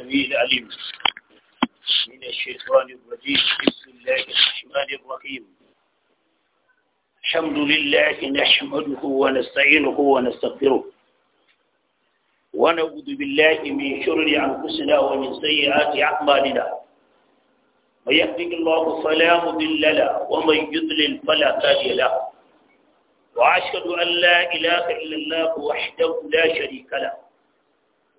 السميع العليم من الشيطان الرجيم بسم الله الرحمن الرحيم الحمد لله نحمده ونستعينه ونستغفره ونعوذ بالله من شرور انفسنا ومن سيئات اعمالنا من يهده الله فلا مضل له ومن يضلل فلا هادي له واشهد ان لا اله الا الله وحده لا شريك له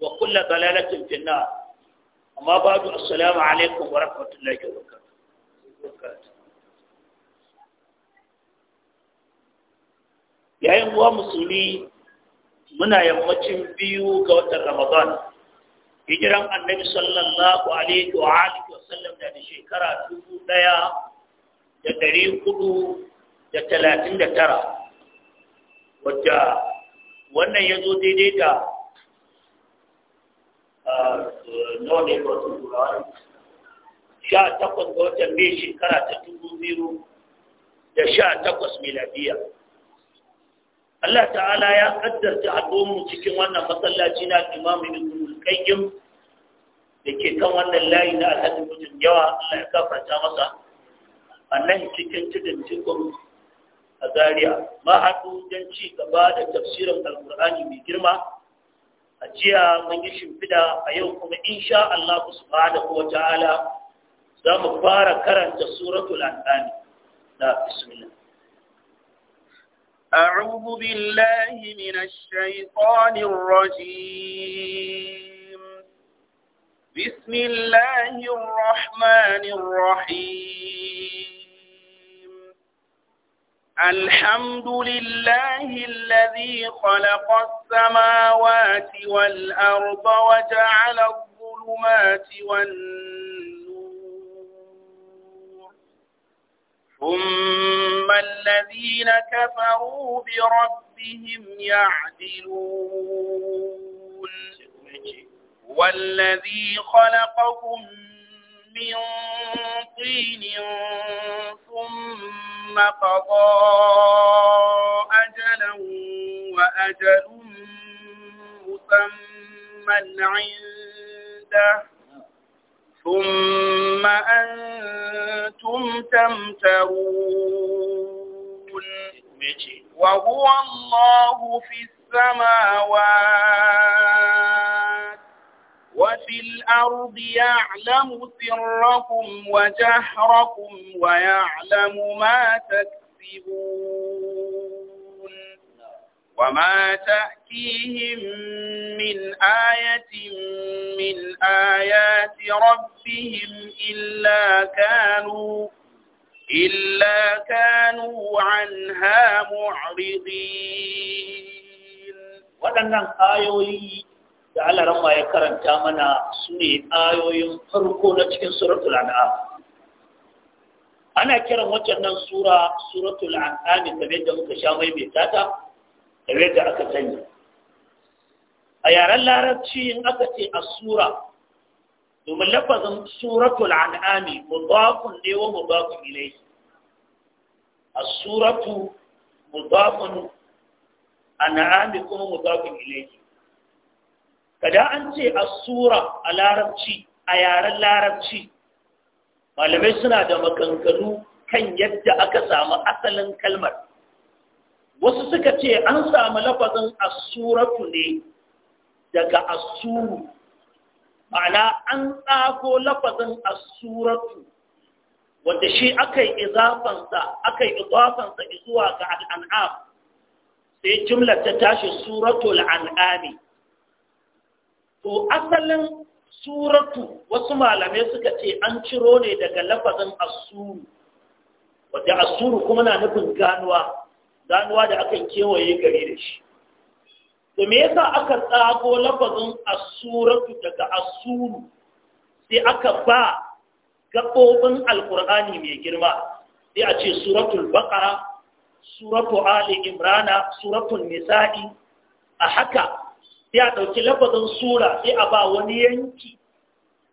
wa kullu dalalatin fi nar amma ba'du assalamu alaikum wa rahmatullahi wa barakatuh yayin uwa musulmi muna yammacin biyu ga watan ramadan hijiran annabi sallallahu alaihi wa alihi wa sallam da shekara dubu daya da dari hudu da talatin da tara wadda wannan ya zo daidai da no ne ga wasu turawa sha takwas ga watan mai shekara ta dubu biyu da sha takwas miladiya Allah ta'ala ya kaddarta mu cikin wannan masallaci na imamu ibn qayyim da ke kan wannan layi na alhaji mutum yawa Allah ya kafarta masa a nan cikin tudun cikin a zaria ma haɗu don ci gaba da tafsirin alkur'ani mai girma ajiya mun yi shimfida a yau kuma insha Allah subhanahu wa ta'ala za mu fara karanta suratul an'am da bismillah a'udhu billahi minash shaitanir rajim bismillahir rahmanir rahim الحمد لله الذي خلق السماوات والأرض وجعل الظلمات والنور ثم الذين كفروا بربهم يعدلون والذي خلقكم من طين ثم قضى أجلا وأجل مسمى عنده ثم أنتم تمترون وهو الله في السماوات في الأرض يعلم سركم وجهركم ويعلم ما تكسبون وما تأتيهم من آية من آيات ربهم إلا كانوا إلا كانوا عنها معرضين ولن ayoyi da Allah ran ya karanta mana su ne ayoyin farko na cikin suratul an'am ana kiran waccan nan sura suratul an'am kamar yadda muka sha mai mai tata kamar yadda aka sani a yaren larabci in aka ce a sura domin lafazin suratul an'am mudafun ne wa mudafun ilayhi as-suratu mudafun an'am kuma mudafun ilayhi kada an ce asura a larabci a yaren larabci malamai suna da maganganu kan yadda aka samu asalin kalmar wasu suka ce an samu lafazin asuratu ne daga asuru ma'ana an tsako lafazin asuratu wanda shi aka yi izafansa aka yi ga al'an'am sai jimlar ta tashi suratul an'ami to asalin suratu wasu malamai suka ce an ciro ne daga lafazin asuru wadda asuru kuma na nufin ganuwa ganuwa da aka kewaye gari da shi to me yasa aka tsago lafazin asuratu daga asuru sai aka ba gaɓoɓin alkur'ani mai girma sai a ce suratul baqara suratu ali imrana suratul nisa'i a haka ya ɗauki lafazin sura sai a ba wani yanki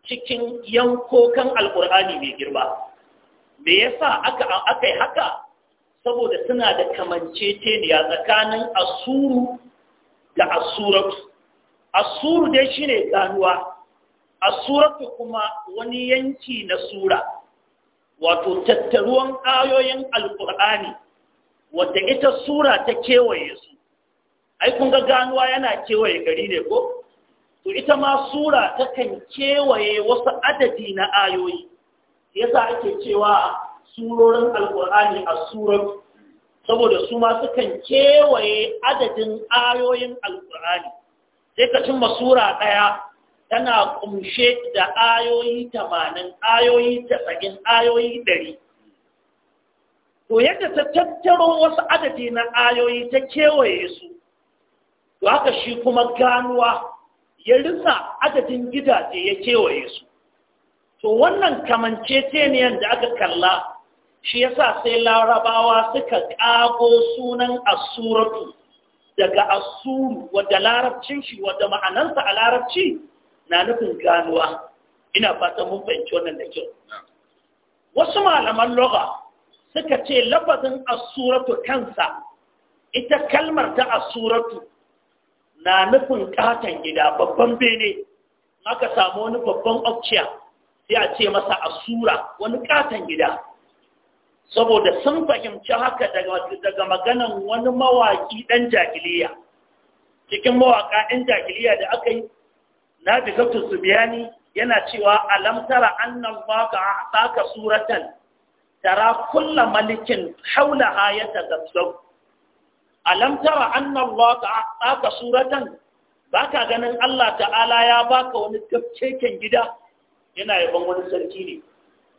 cikin yankokan alƙur'ani mai girma me ya sa aka yi haka saboda suna da kamance kamanceceniya tsakanin asuru da asuratu asuru dai shine ganuwa asuratu kuma wani yanki na sura wato tattaruwan ayoyin alƙur'ani wadda ita sura ta kewaye su ai kun ga ganuwa yana kewaye gari ne ko to ita ma sura ta kan kewaye wasu adadi na ayoyi yasa ake cewa surorin alkur'ani a surar saboda su ma sukan kewaye adadin ayoyin alkur'ani sai ka cimma sura ɗaya tana kumshe da ayoyi tamanin ayoyi tasa'in ayoyi ɗari to yadda ta tattaro wasu adadi na ayoyi ta kewaye su to haka shi kuma ganuwa ya rinsa adadin gidaje ya kewaye su to wannan kamance kamanceceniyar da aka kalla shi yasa sai larabawa suka ƙago sunan asuratu daga asuru wadda larabcin shi wadda ma'anarsa a larabci na nufin ganuwa ina fata mun fahimci wannan da kyau wasu malaman loga suka ce lafazin asuratu kansa ita kalmar ta asuratu na nufin katon gida babban bene aka samu wani babban ofciya sai a ce masa asura wani katon gida saboda sun fahimci haka daga maganan wani mawaki ɗan jagiliya cikin mawaka ɗan jagiliya da aka yi na su subiyani yana cewa a alamtara annan baka a saka suratan tara kulla malikin haula ya tagazzau alam tara anna Allah ta'ala suratan baka ganin Allah ta'ala ya baka wani tafkeken gida yana yaban wani sarki ne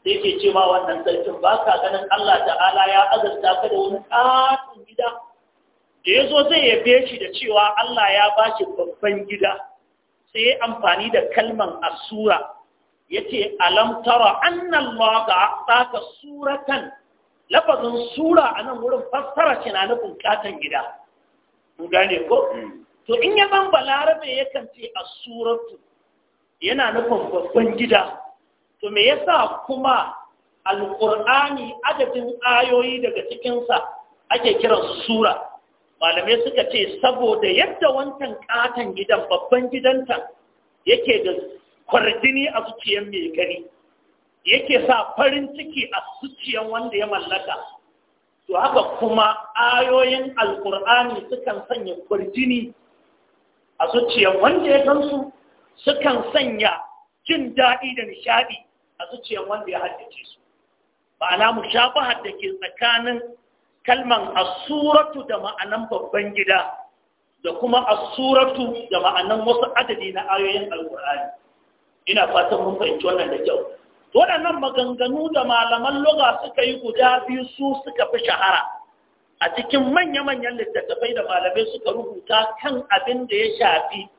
sai ke ce wannan sarkin baka ganin Allah ta'ala ya azurta ka da wani katon gida da yazo zai yabe shi da cewa Allah ya bashi babban gida sai ya amfani da kalman asura Yace alam tara anna Allah ta'ala suratan lafazin sura a nan wurin fassara ce na nufin katon gida mun gane ko hmm. to in ya zan balarabe yakan ce a suratu yana nufin babban gida to me yasa kuma alƙur'ani adadin ayoyi daga cikinsa ake kiransu sura malamai suka ce saboda yadda wancan katon gidan babban gidanta yake da kwardini a zuciyar mai gari yake sa farin ciki a zuciyan wanda ya mallaka to haka kuma ayoyin alkur'ani sukan sanya kurjini a zuciyan wanda ya gansu sukan sanya jin daɗi da nishaɗi a zuciyan wanda ya haddace su ma'ana mushabahar da ke tsakanin kalman asuratu da ma'anan babban gida da kuma asuratu da ma'anan wasu adadi na ayoyin alkur'ani ina fatan mun fahimci wannan da kyau nan maganganu da malaman loga suka yi guda biyu su suka fi shahara a cikin manya-manyan littattafai da malamai suka rubuta kan abin da ya shafi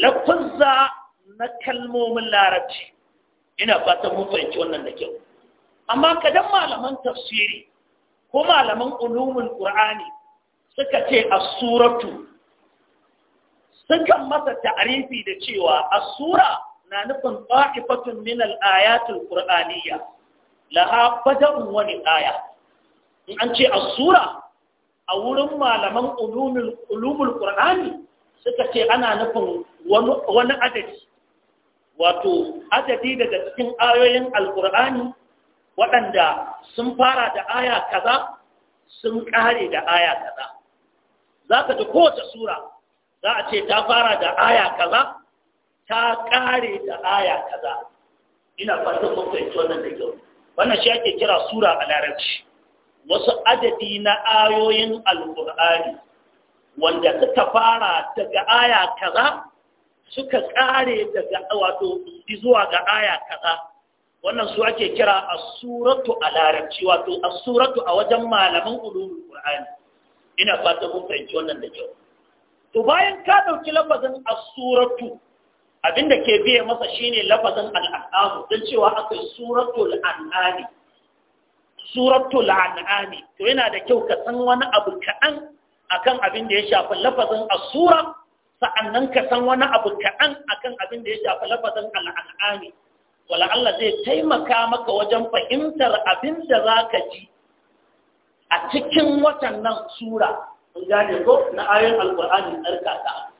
lafuzza na kalmomin larabci ina fatan mun fahimci wannan da kyau amma kadan malaman tafsiri ko malaman ulumul qur'ani suka ce as-suratu sukan masa ta'arifi da cewa as-sura na nufin ta'ifatun min al-ayatul qur'aniyya laha bada'un in an ce as-sura a wurin malaman ulumul ulumul suka ce ana nufin wani adadi wato adadi daga cikin ayoyin alqur'ani waɗanda sun fara da aya kaza sun ƙare da aya kaza za ka ji kowace sura za a ce ta fara da aya kaza ta kare da aya kaza ina fatan mun fahimci wannan da kyau wannan shi ake kira sura a larabci wasu adadi na ayoyin alqur'ani wanda suka fara daga aya kaza suka kare daga wato zuwa ga aya kaza wannan su ake kira asuratu a larabci wato Asuratu a wajen malaman ulumul qur'ani ina fatan mun fahimci wannan da kyau to bayan ka dauki lafazin as abinda ke biye masa shine lafazin al'an'amu don cewa aka yi suratul suratul to yana da kyau ka san wani abu kaɗan akan abin da ya shafi lafazin asura sa'annan ka san wani abu ka'an akan abin da ya shafi lafazin al'an'ami wala Allah zai taimaka maka wajen fahimtar abin da za ka ji a cikin watan nan sura mun gane ko na ayoyin alƙur'ani tsarkaka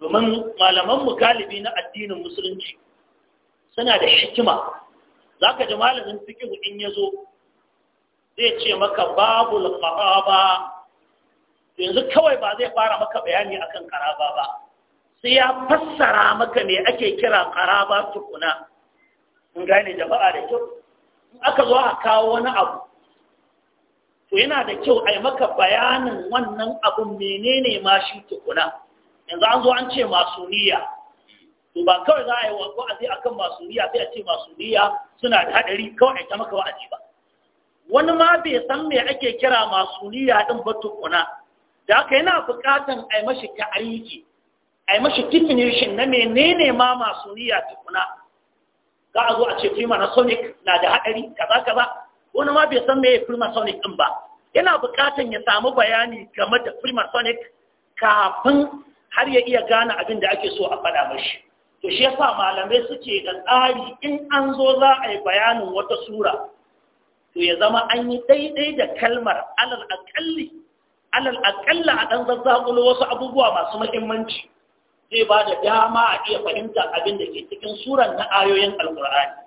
domin malaman mu galibi na addinin musulunci suna da hikima za ka ji malamin fikihu in ya zo zai ce maka babu ba yanzu kawai ba zai fara maka bayani akan karaba ba sai ya fassara maka me ake kira karaba tukuna in gane jama'a da kyau in aka zo a kawo wani abu to yana da kyau a yi maka bayanin wannan abun menene ma shi tukuna yanzu an zo an ce masuniya to ba kawai za a yi wa'azi a kan masuniya sai a ce masuniya suna da haɗari kawai ta maka wa'azi ba wani ma bai san me ake kira masuniya ɗin ba tukuna da haka yana buƙatan a yi mashi ta'ariki a yi mashi definition na menene ma masuniya tukuna za a zo a ce primasonic na da haɗari kaza kaza wani ma bai san me primasonic ɗin ba yana buƙatan ya samu bayani game da primasonic kafin har ya iya gane abin da ake so a faɗa mashi to shi yasa malamai suke da tsari in an zo za a yi bayanin wata sura to ya zama an yi daidai da kalmar alal akalli alal akalla a ɗan zazzakulo wasu abubuwa masu muhimmanci zai ba da dama a iya fahimta abin da ke cikin suran na ayoyin alkur'ani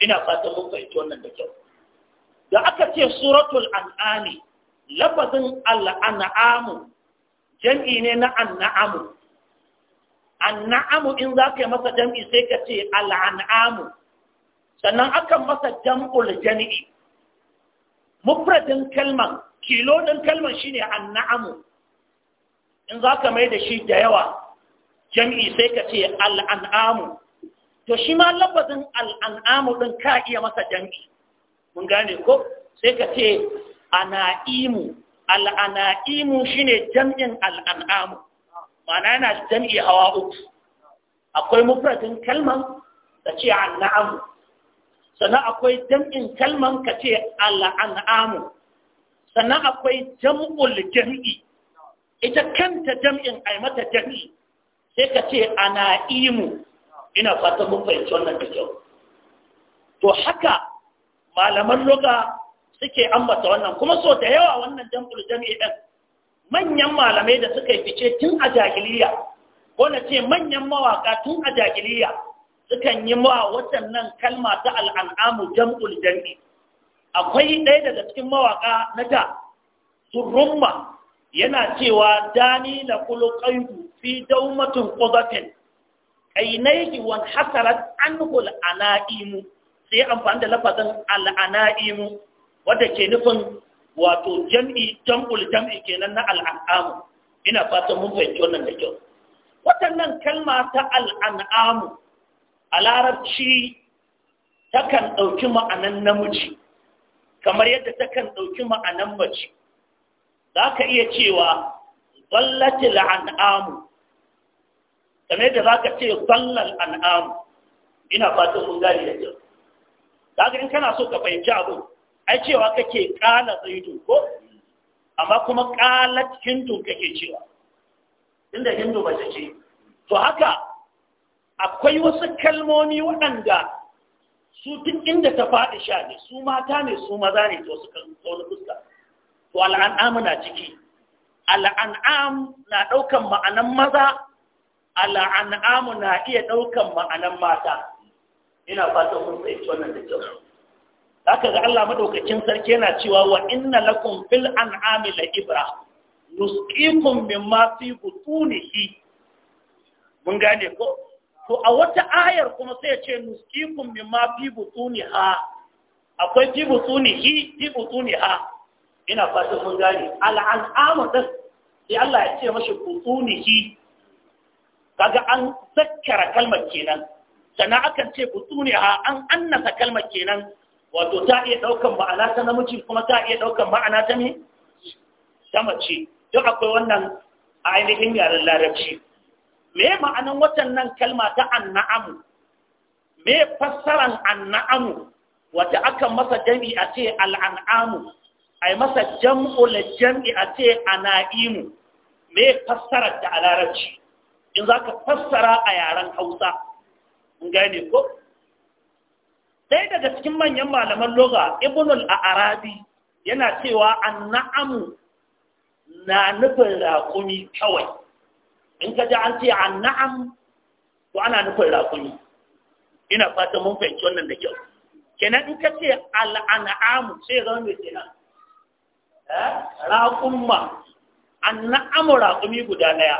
ina fatan mun fahimci wannan da kyau da aka ce suratul an'ami lafazin al'an'amu jam'i ne na an’amu an’amu in za ka yi masa jam'i sai ka ce al'an'amu sannan akan masa jam'ul jami'i mufradin kalman kilo ɗin kalman shine an’amu in za ka mai da shi da yawa jam'i sai ka ce al'an'amu to shi ma lafazin al'an'amu ɗin ka iya masa jam'i mun gane ko sai ka ce ana'imu al'ana'imu shine jam'in al'an'amu mana yana jam'i hawa uku akwai mufradin kalman da ce al'an'amu sannan akwai jam'in kalman ka ce al'an'amu sannan akwai jam'ul jam'i ita kanta jam'in ai mata jam'i sai ka ce ana'imu ina fata mun fahimci wannan da kyau to haka malaman loga suke ambata wannan kuma so da yawa wannan jam'ul jami'i din manyan malamai da suka yi fice tun a jahiliya ko na ce manyan mawaka tun a jahiliya sukan yi ma waɗannan kalma ta al'an'amu jam'ul jami'i akwai ɗaya daga cikin mawaka na ta? surrumma yana cewa dani la kulqaidu fi daumatin qudatin ainaiki wan hasarat anhu al'anaimu sai amfani da lafazin al'anaimu wadda ke nufin wato jam'i jam'ul jam'i kenan na al'an'amu ina fatan mun fahimci wannan da kyau waɗannan kalma ta al'an'amu a larabci takan ɗauki ma'anan namiji kamar yadda takan ɗauki ma'anan mace za ka iya cewa ballati la'an'amu kamar yadda za ka ce ballal an'amu ina fatan mun gane da kyau za in kana so ka fahimci abu ai cewa kake kana zaitun ko amma kuma ƙalat hindu kake cewa inda hindu ta ce to haka akwai wasu kalmomi waɗanda su duk inda ta faɗi sha ne su mata ne su maza ne to suka wani fuska to al'an'am na ciki al'an'am na ɗaukan ma'anan maza al'an'am na iya ɗaukan ma'anan mata ina fatan mun fahimci wannan da kyau zaka ga Allah madaukakin sarki yana cewa wa inna lakum fil an'ami la ibra nusqikum mimma fi butunihi mun gane ko to a wata ayar kuma sai ya ce nusqikum mimma fi butuniha akwai fi butunihi fi butuniha ina fata mun gane al an'amu din sai Allah ya ce mashi butunihi kaga an zakkara kalmar kenan sannan akan ce butuniha an annasa kalmar kenan wato ta iya ɗaukan ma'ana ta namiji kuma ta iya ɗaukan ma'ana ta ne ta mace duk akwai wannan ainihin yaren larabci me ma'anan nan kalma ta anna'amu me fassaran anna'amu wata aka masa jam'i a ce al'an'amu ai masa jam'ul jam'i a ce ana'imu me fassarar ta a larabci in za ka fassara a yaren hausa gane ko ɗaya daga cikin manyan malaman loga ibnul arabi yana cewa anna'amu na nufin raƙumi kawai in ka ji an ce anna'am to ana nufin raƙumi ina fata mun fahimci wannan da kyau kenan in ka ce al'an'amu sai zama mai kenan eh? raƙumma anna'amu raƙumi guda ɗaya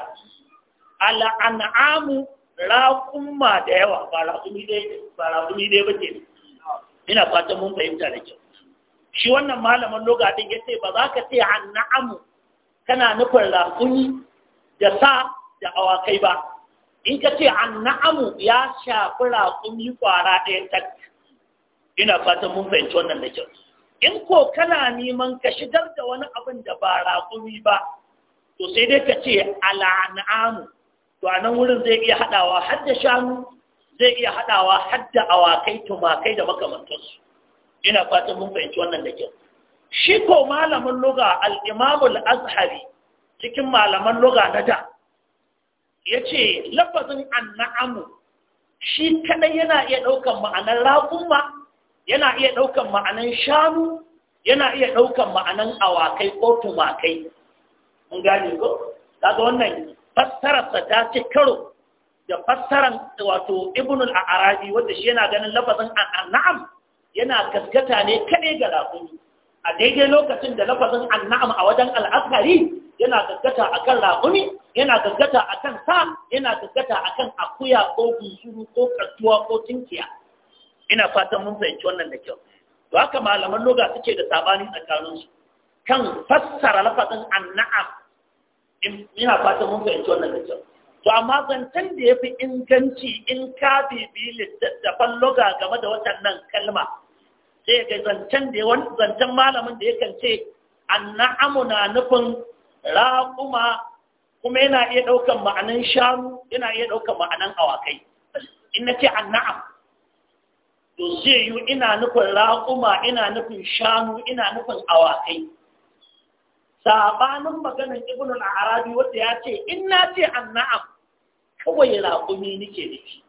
al'an'amu raƙumma da yawa ba raƙumi ɗaya ba ne ina fatan mun fahimta da kyau shi wannan malamin loga din yace ba za ka ce an na'amu kana nufin raƙumi da sa da awakai ba in ka ce an na'amu ya shafi raƙumi kwara ɗaya tak ina fatan mun fahimci wannan da kyau in ko kana neman ka shigar da wani abin da ba raƙumi ba to sai dai ka ce ala'an'amu to a nan wurin zai iya haɗawa har da shanu zai iya haɗawa hadda awakai tumakai da makamantansu ina fatan mun fahimci wannan da kyau shi ko malamin luga al-imamul azhari cikin malaman luga na da ya ce lafazin na'amu shi kadai yana iya ɗaukan ma'anar raƙumma yana iya ɗaukan ma'anar shanu yana iya ɗaukan ma'anar awakai ko tumakai mun gane ko kaga wannan fassararsa ta ce karo da fassaran wato al arabi wanda shi yana ganin lafazin an'am yana gaskata ne kade ga rafi a daidai lokacin da lafazin an'am a wajen al'asari yana gaskata akan rafi yana gaskata akan sa yana gaskata akan akuya ko bunsuru ko kattuwa ko tinkiya ina fatan mun fahimci wannan da kyau to haka malaman loga suke da sabani tsakaninsu kan fassara lafazin an'am ina fatan mun fahimci wannan da kyau to amma zancen da ya fi inganci in ka bibi littattafan loga game da waɗannan kalma sai ga zancen da ya zancen malamin da yakan ce anna'amu na nufin raƙuma kuma yana iya ɗaukan ma'anan shanu yana iya ɗaukan ma'anan awakai in na ce anna'am to zai yi ina nufin raƙuma ina nufin shanu ina nufin awakai sabanin maganin ibnu al-arabi wanda ya ce in na ce anna'am kawai raƙumi nake da shi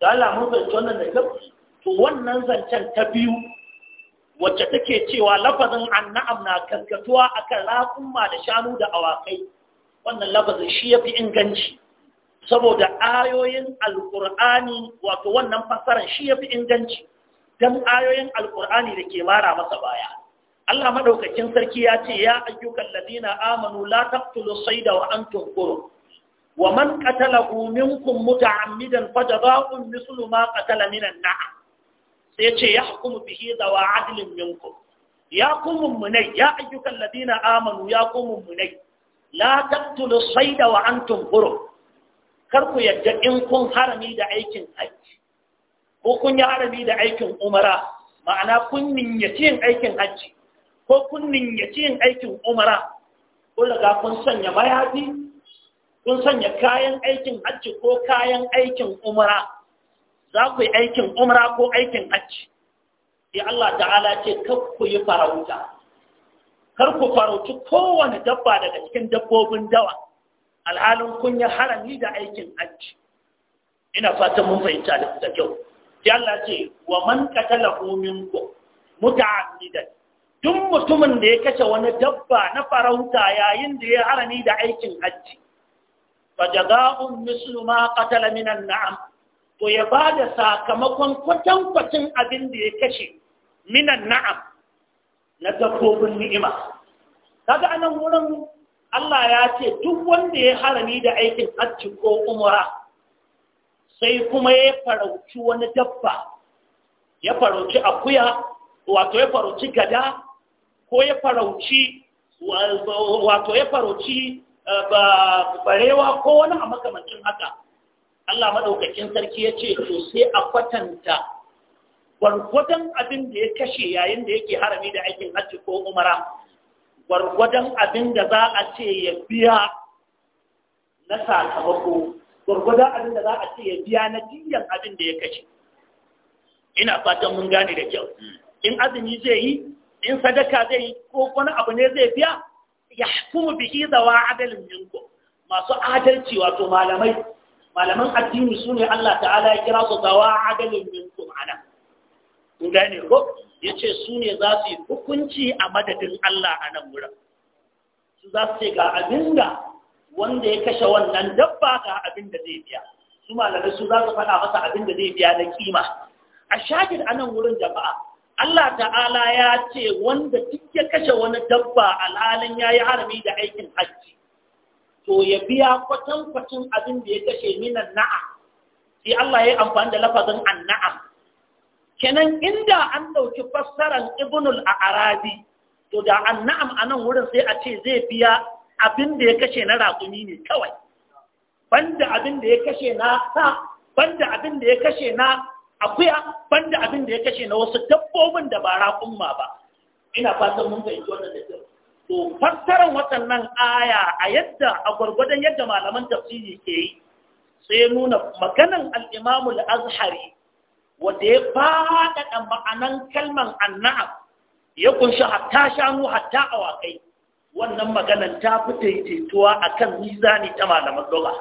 da Allah mun zance wannan da gafi to wannan zancen ta biyu wacce take cewa lafazin anna'am na karkatuwa akan raƙumma da shanu da awakai wannan lafazin shi yafi inganci saboda ayoyin alƙur'ani wato wannan fassarar shi yafi inganci dan ayoyin alƙur'ani da ke mara masa baya Allah madaukakin sarki ya ce ya ayyukan ladina amanu la taqtulu sayda wa antum qurum wa man qatalahu minkum muta'ammidan fajaza'un mislu ma qatala minan na'am sai ce yahkumu bihi dawa adlin minkum ya kumun munai ya ayyukan ladina amanu ya kumun munai la taqtulu sayda wa antum kar ku yadda in kun harami da aikin hajji ko kun yi harami da aikin umara ma'ana kun niyyaci yin aikin hajji ko kun niyyaci yin aikin umara ko daga kun sanya mayafi kun sanya kayan aikin hajji ko kayan aikin umara za ku yi aikin umra ko aikin hajji sai Allah ta'ala ce kar ku yi farauta kar ku farauci kowane dabba daga cikin dabbobin dawa alhalin kun yi harami da aikin hajji ina fatan mun fahimta da kyau sai Allah ce wa man qatalahu ku muta'ammidan duk mutumin da ya kashe wani dabba na farauta yayin da ya harami da aikin hajji fajaza'un mislu ma qatala minan na'am to ya bada sakamakon kwatankwacin abin da ya kashe minan na'am na dabbobin ni'ima kaga anan wurin Allah ya ce duk wanda ya harami da aikin hajji ko umra sai kuma ya farauci wani dabba ya farauci akuya wato ya farauci gada ko ya farauci wato ya farauci Eh, ba barewa ko wani a makamancin haka Allah maɗaukakin sarki ya ce to sai a kwatanta gwargwadon abin da ya kashe yayin da yake harami da aikin hajji ko umara gwargwadon abin da za a ce ya biya na sakamako gwargwadon abin da za a ce ya biya na jiyan abin da ya kashe ina fatan mun gane da kyau hmm. in azumi zai yi in sadaka zai yi ko wani abu ne zai biya yahkumu bihi dawa adalin minkum masu adalci wato malamai malaman addini sune Allah ta'ala ya kira su dawa adalin minkum ana kun gane ko yace su ne za su yi hukunci a madadin Allah a nan wurin su za su ce ga abinda wanda ya kashe wannan dabba ga abinda zai biya su malamai su za su faɗa masa abinda zai biya na kima a shagin a nan wurin jama'a Allah ta'ala ya ce wanda duk ya kashe wani dabba alhalin ya yi harami da aikin hajji to ya biya kwatankwacin abin da ya kashe minan na'a sai Allah ya yi amfani da lafazin anna'a. kenan inda an ɗauki fassaran ibnul Arabi, to da anna'am a nan wurin sai a ce zai biya abin da ya kashe na raƙumi ne kawai banda abin da ya kashe na sa banda abin da ya kashe na akuya banda abin da ya kashe na wasu dabbobin da ba ba ina fatan mun fahimci wannan da to fassarar waɗannan aya a yadda a gwargwadon yadda malaman tafsiri ke yi sai nuna maganan al-Imam al-Azhari wanda ya da ma'anan kalman anna'am ya kunshi hatta shanu hatta awakai wannan maganan ta fi daidaituwa akan mizani ta malaman lugha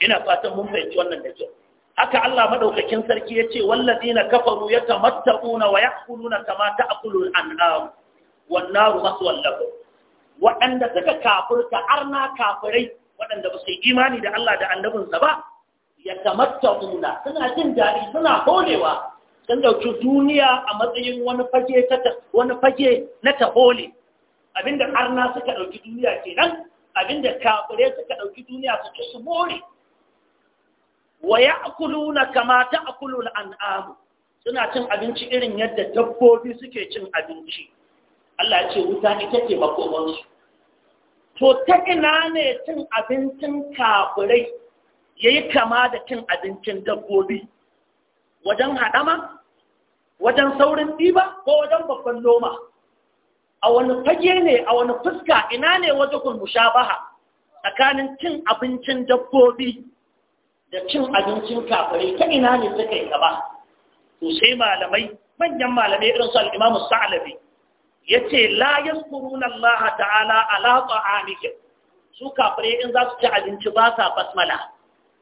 ina fatan mun fahimci wannan da kyau aka Allah madaukakin sarki ya ce wallazina kafaru yatamatta'una wa ya'kuluna kama ta'kulu al-an'am wan naru maswal waɗanda suka kafirta arna kafirai waɗanda ba su yi imani da Allah da annabinsa ba ya yatamatta'una suna jin daɗi suna holewa sun dauki duniya a matsayin wani fage wani fage na tahole abinda arna suka dauki duniya kenan abinda kafirai suka dauki duniya su ci su more wa ya'kuluna kama ta'kulu na anam suna cin abinci irin yadda dabbobi suke cin abinci Allah ya ce wuta ita ce makomansu to ta ina ne cin abincin kafirai yayi kama da cin abincin dabbobi wajen haɗama wajen saurin ɗiba ko wajen babban noma a wani fage ne a wani fuska ina ne wajen mushabaha tsakanin cin abincin dabbobi da cin abincin kafirai ta ina ne suka yi gaba to sai malamai manyan malamai irin su al-Imam Sa'labi yace la yazkuruna Allah ta'ala ala ta'amikum su kafirai in za su ci abinci ba sa basmala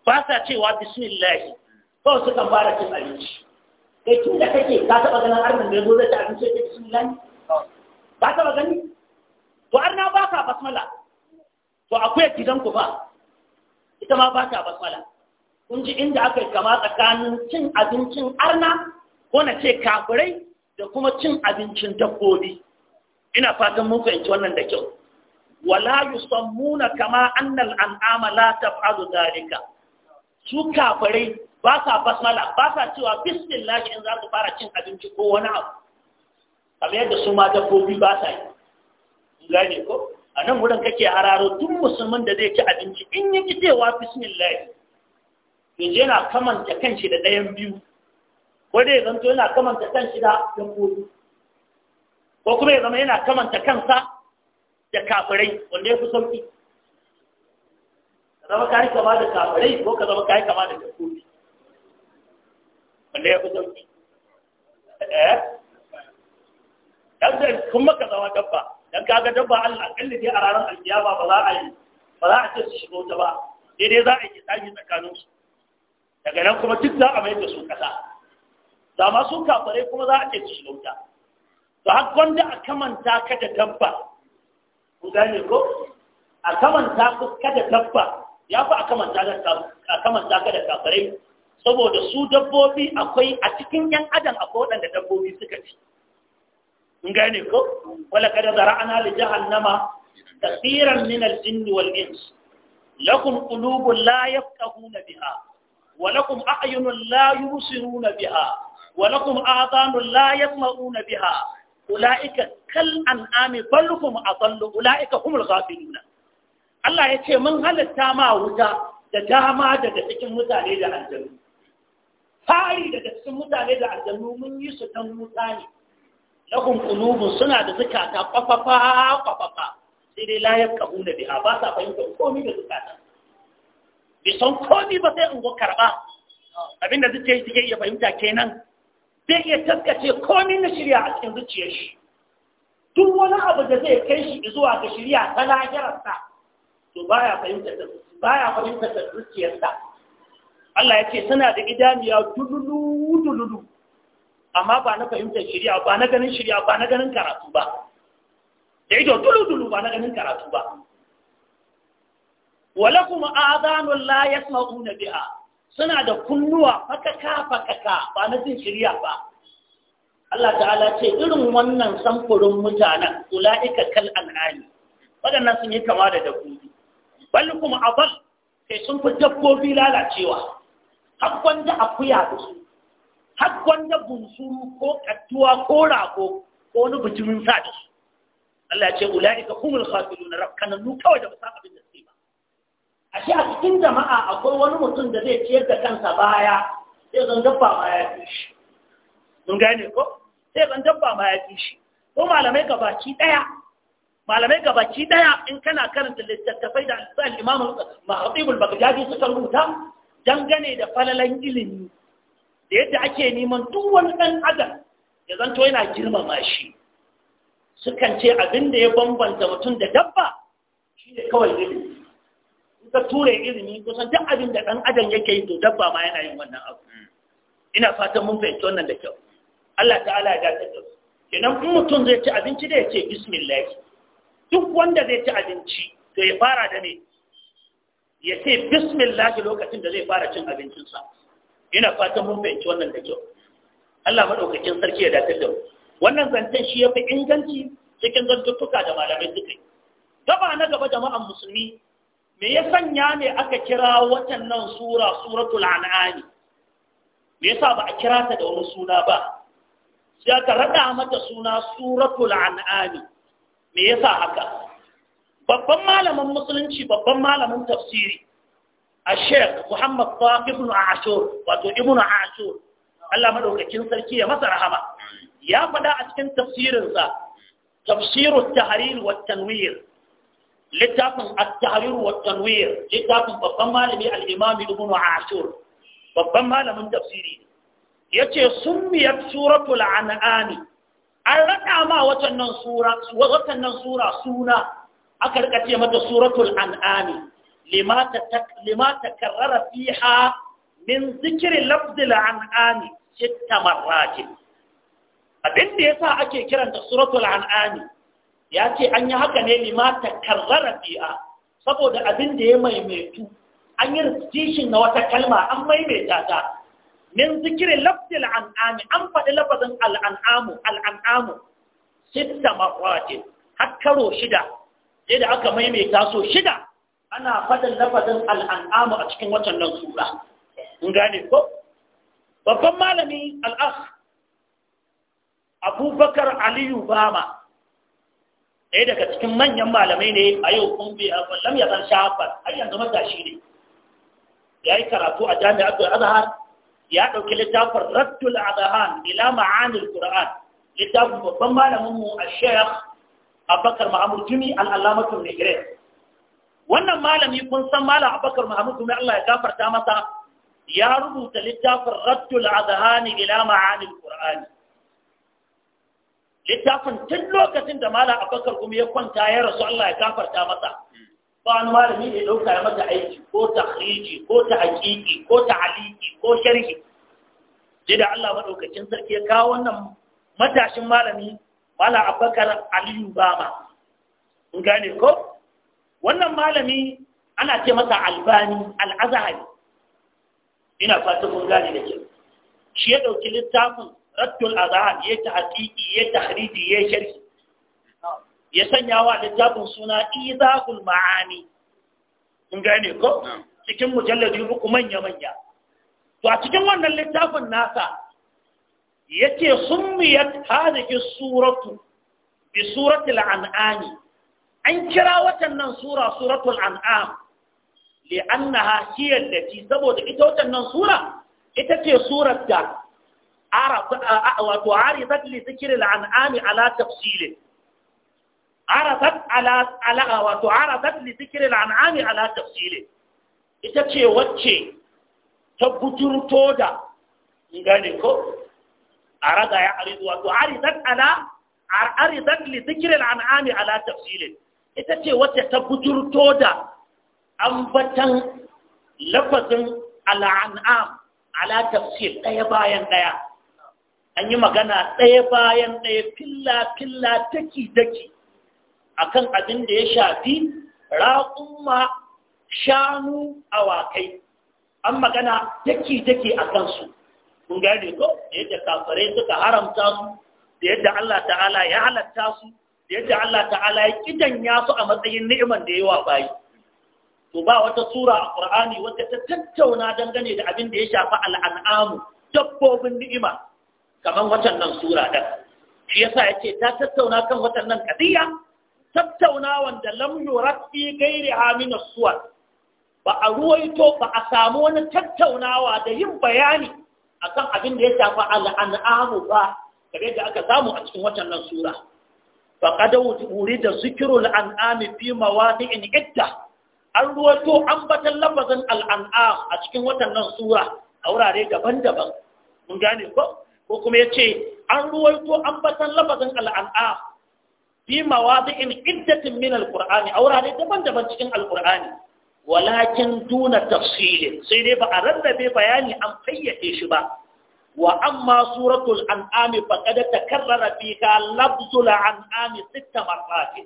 ba sa cewa bismillah ko su kan fara cin abinci kai tun da kake ka taba ganin arnan da yazo zai ci abinci da bismillah ba taɓa gani to arna ba sa basmala to akwai gidan ku ba ita ma ba ta basmala kun ji inda aka yi kama tsakanin cin abincin arna ko na ce kafirai da kuma cin abincin dabbobi ina fatan mun fahimci wannan da kyau wala yusammuna kama annal an'ama la taf'alu dalika su kafirai ba sa basmala ba sa cewa bismillah in za su fara cin abinci ko wani abu kamar yadda su ma dabbobi ba sa yi gane ko a nan wurin kake hararo duk musulmin da zai ci abinci in yi ki cewa bismillah yanzu yana kamanta kanshi da ɗayan biyu ko dai zanto yana kamanta kanshi da dabbobi ko kuma ya zama yana kamanta kansa da kafirai wanda ya fi sauki ka zama kayi kama da kafirai ko ka zama kayi kama da dabbobi wanda ya fi sauki eh kun kuma ka zama dabba dan kaga dabba Allah kalli dai a ranar alkiyama ba za a yi ba za a ce su shigo ta ba daidai za a yi tsaki su. daga nan kuma duk za a mai da su kasa da ma su kafare kuma za a ce su lauta to har gwanda a kamanta ka da dabba ku gane ko a kamanta ka da dabba ya fi a kamanta ka da kafare saboda su dabbobi akwai a cikin yan adam akwai waɗanda dabbobi suka ci kun gane ko wala kada zara'ana li jahannama kathiran min al-jinni wal ins lakum qulubun la yafqahuna biha ولكم أعين لا يبصرون بها ولكم آذان لا يسمعون بها أولئك كالأنعام بل هم أضل أولئك هم الغافلون Allah ya ce mun halitta ma wuta da dama daga cikin mutane da aljanu. Fari daga cikin mutane da aljanu mun yi su dan wuta ne. Lahum qulubun suna da zukata kwafafa kwafafa sai dai la biha ba sa fahimtar da bai son komi ba sai ungo karɓa abinda zuciya ke iya fahimta kenan zai iya taskace komi na shirya a cikin zuciyar shi duk wani abu da zai kai shi zuwa ga shirya ta lahirarsa to baya fahimta da baya fahimta da zuciyarsa Allah ya ce suna da idaniya dululu dululu amma ba na fahimtar shirya ba na ganin shirya ba na ganin karatu ba da ido dululu ba na ganin karatu ba wala kuma azanun la yasma'una biha suna da kunnuwa fakaka fakaka ba na jin shirya ba Allah ta'ala ce irin wannan samfurin mutanen ulaika kal an'ani waɗannan sun yi kama da dabbobi bal kuma abal kai sun fi dabbobi lalacewa har gwanda akuya da su har gwanda bunsuru ko kattuwa ko rago ko wani bijimin sa da su Allah ce ulaika humul khafilun rabkananu kawai da ba sa abin da ashe a cikin jama'a akwai wani mutum da zai ciyar da kansa baya sai zan dabba ma ya fi shi mun gane ko sai zan dabba ma ya fi shi ko malamai gabaci daya malamai gabaci daya in kana karanta littattafai da al imam mahatibul baghdadi suka rubuta dangane da falalan ilimi da yadda ake neman duk wani dan adam ya zanto yana girmama shi sukan ce abin da ya bambanta mutum da dabba shi ne kawai ilimi ta ture ilimi kusan duk abin da ɗan adam yake yi to dabba ma yana yin wannan abu ina fatan mun fahimci wannan da kyau Allah ta'ala ya dace da kenan in mutum zai ci abinci da ya ce bismillah duk wanda zai ci abinci to ya fara da ne ya ce bismillah lokacin da zai fara cin abincinsa ina fatan mun fahimci wannan da kyau Allah madaukakin sarki ya dace da wannan zancen shi ya fi inganci cikin zantuttuka da malamai suka yi gaba na gaba jama'an musulmi me ya sanya ne aka kira waɗannan sura suratul an'ani me yasa ba a kira ta da wani suna ba sai aka rada mata suna suratul an'ani me yasa haka babban malamin musulunci babban malamin tafsiri sheikh muhammad ba ابن ashur wato ابن ashur sarki مدوكاكين sarki ya ya rahama ya faɗa a cikin tafsirinsa tafsirut tahrir wat tanwir littafin at-tahrir wa tanwir littafin babban malami al-imam ibn ashur babban malamin tafsiri yace summiyat suratul an'am an rada ma watan sura sura suna aka rika ce mata suratul an'am lima ta lima takarrara fiha min zikri lafzil an'am sitta marrat abin da yasa ake kiranta suratul an'am ya ce an yi haka ne lima ta karrara fi'a saboda abin da ya maimaitu an yi rikishin na wata kalma an maimaita ta min zikirin lafzi al'an'ami an faɗi lafazin al'an'amu al'an'amu sitta makwatin har karo shida sai da aka maimaita so shida ana faɗin lafazin al'an'amu a cikin watan nan sura in gane ko babban malami al'akh abubakar aliyu bama ɗaya daga cikin manyan malamai ne a yau kun bi lam ya san shafar har yanzu matashi ne ya yi karatu a Jami'a jami'atul azhar ya ɗauki littafin rattul azhan ila ma'anil qur'an littafin babban malamin mu a sheikh Abakar mahamud jumi al'alamatul nigre wannan malami kun san malam Abakar mahamud jumi allah ya gafarta masa ya rubuta littafin rattul azhan ila ma'anil qur'an littafin tun lokacin da malam abakar kuma ya kwanta ya rasu Allah ya gafarta masa ba wani malami da ya dauka ya mata aiki ko ta hariji ko ta hakiki ko ta aliki ko sharhi sai da Allah madaukakin sarki ya kawo wannan matashin malami malam abakar aliyu bama in gane ko wannan malami ana ce masa albani al'azhari ina fata kun gane da ke shi ya dauki littafin rattul azhar ya tahqiqi ya tahriji ya sharhi ya sanya wa littafin suna izahul ma'ani mun gane ko cikin mujalladi uku manya manya to a cikin wannan littafin nasa yace summiyat hadhihi suratu bi surati al-an'am an kira watannan sura suratul an'am li'annaha hiya allati saboda ita watannan sura ita ce surar da wato aridat li zikirin al'ami ala tafsilin aradat ala ala wato aradat li zikirin al'ami ala tafsilin ita ce wacce ta bujurto da gane ko A raga ya aridu wato aridat ala aridat li zikirin al'ami ala tafsilin ita ce wacce ta bujurto da ambatan lafazin al'an'am ala tafsir ɗaya bayan ɗaya an yi magana ɗaya bayan ɗaya filla-filla taki-taki a kan abin da ya shafi raƙumma shanu awakai an magana taki-taki a kansu kun gane ko da yadda kafare suka haramta su da yadda Allah ta'ala ya halatta su da yadda Allah ta'ala ya ya su a matsayin ni'iman da yawa bayi to ba wata sura a Qur'ani wata ta tattauna dangane da abin da ya shafi al'an'amu dabbobin ni'ima kamar watan nan sura ɗan, shi yasa ya ce ta tattauna kan watan nan kadiya tattauna wanda lam yurat gairi amina suwa ba a ruwaito ba a samu wani tattaunawa da yin bayani akan abin da ya shafa al'an'amu ba kare da aka samu a cikin watan nan sura faqad da zikrul an'ami fi mawadi'in idda an an ambatan lafazin al'an'am a cikin watan nan sura a wurare daban-daban mun gane ko ko kuma ya ce an ruwaito an batan lafazin al'an'a fi in iddatin min alqur'ani a wurare daban-daban cikin alqur'ani walakin duna tafsilin sai dai ba a rarrabe bayani an fayyace shi ba wa amma suratul an'ami faqad takarrara fiha lafzul an'ami sitta marrat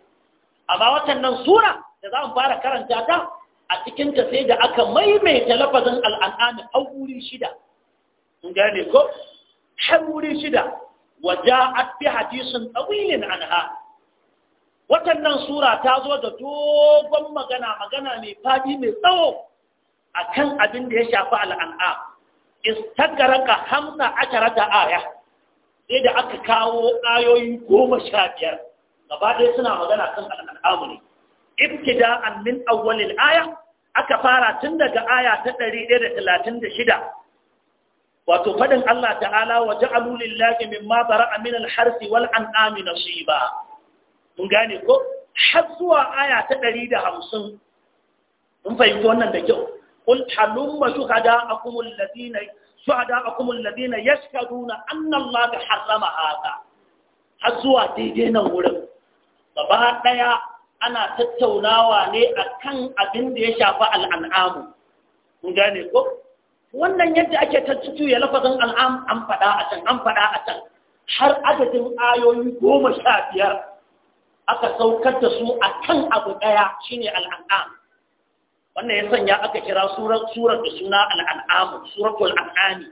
amma watannan sura da za mu fara karanta ta a cikin ta sai da aka maimaita lafazin al'an'ami a wuri shida in gane ko har wuri shida waja'at bi hadisin tawilin anha watannan sura ta zo da dogon magana magana mai fadi mai tsawo akan abin da ya shafi al'an'a istagaraka hamsa ashara ta aya sai da aka kawo ayoyi goma sha biyar gaba ɗaya suna magana kan mu ne ibtida'an min awwalil aya aka fara tun daga aya ta ɗari ɗaya da talatin da shida wato faɗin Allah ta'ala wa ja'alu lillahi mimma bara'a min al-harsi wal an'ami nasiba mun gane ko har zuwa aya ta 150 mun fahimci wannan da kyau a halumma shuhada'akum alladhina shuhada'akum alladhina yashhaduna anna Allah harrama hadha har zuwa daidai nan wurin gaba ɗaya ana tattaunawa ne kan abin da ya shafi al'an'amu mun gane ko wannan yadda ake ta ya lafazin al'am an faɗa a can an faɗa a can har adadin ayoyi goma sha biyar aka saukar da su a kan abu ɗaya shine al'am wannan ya sanya aka kira surar da suna al'am suratul al'ami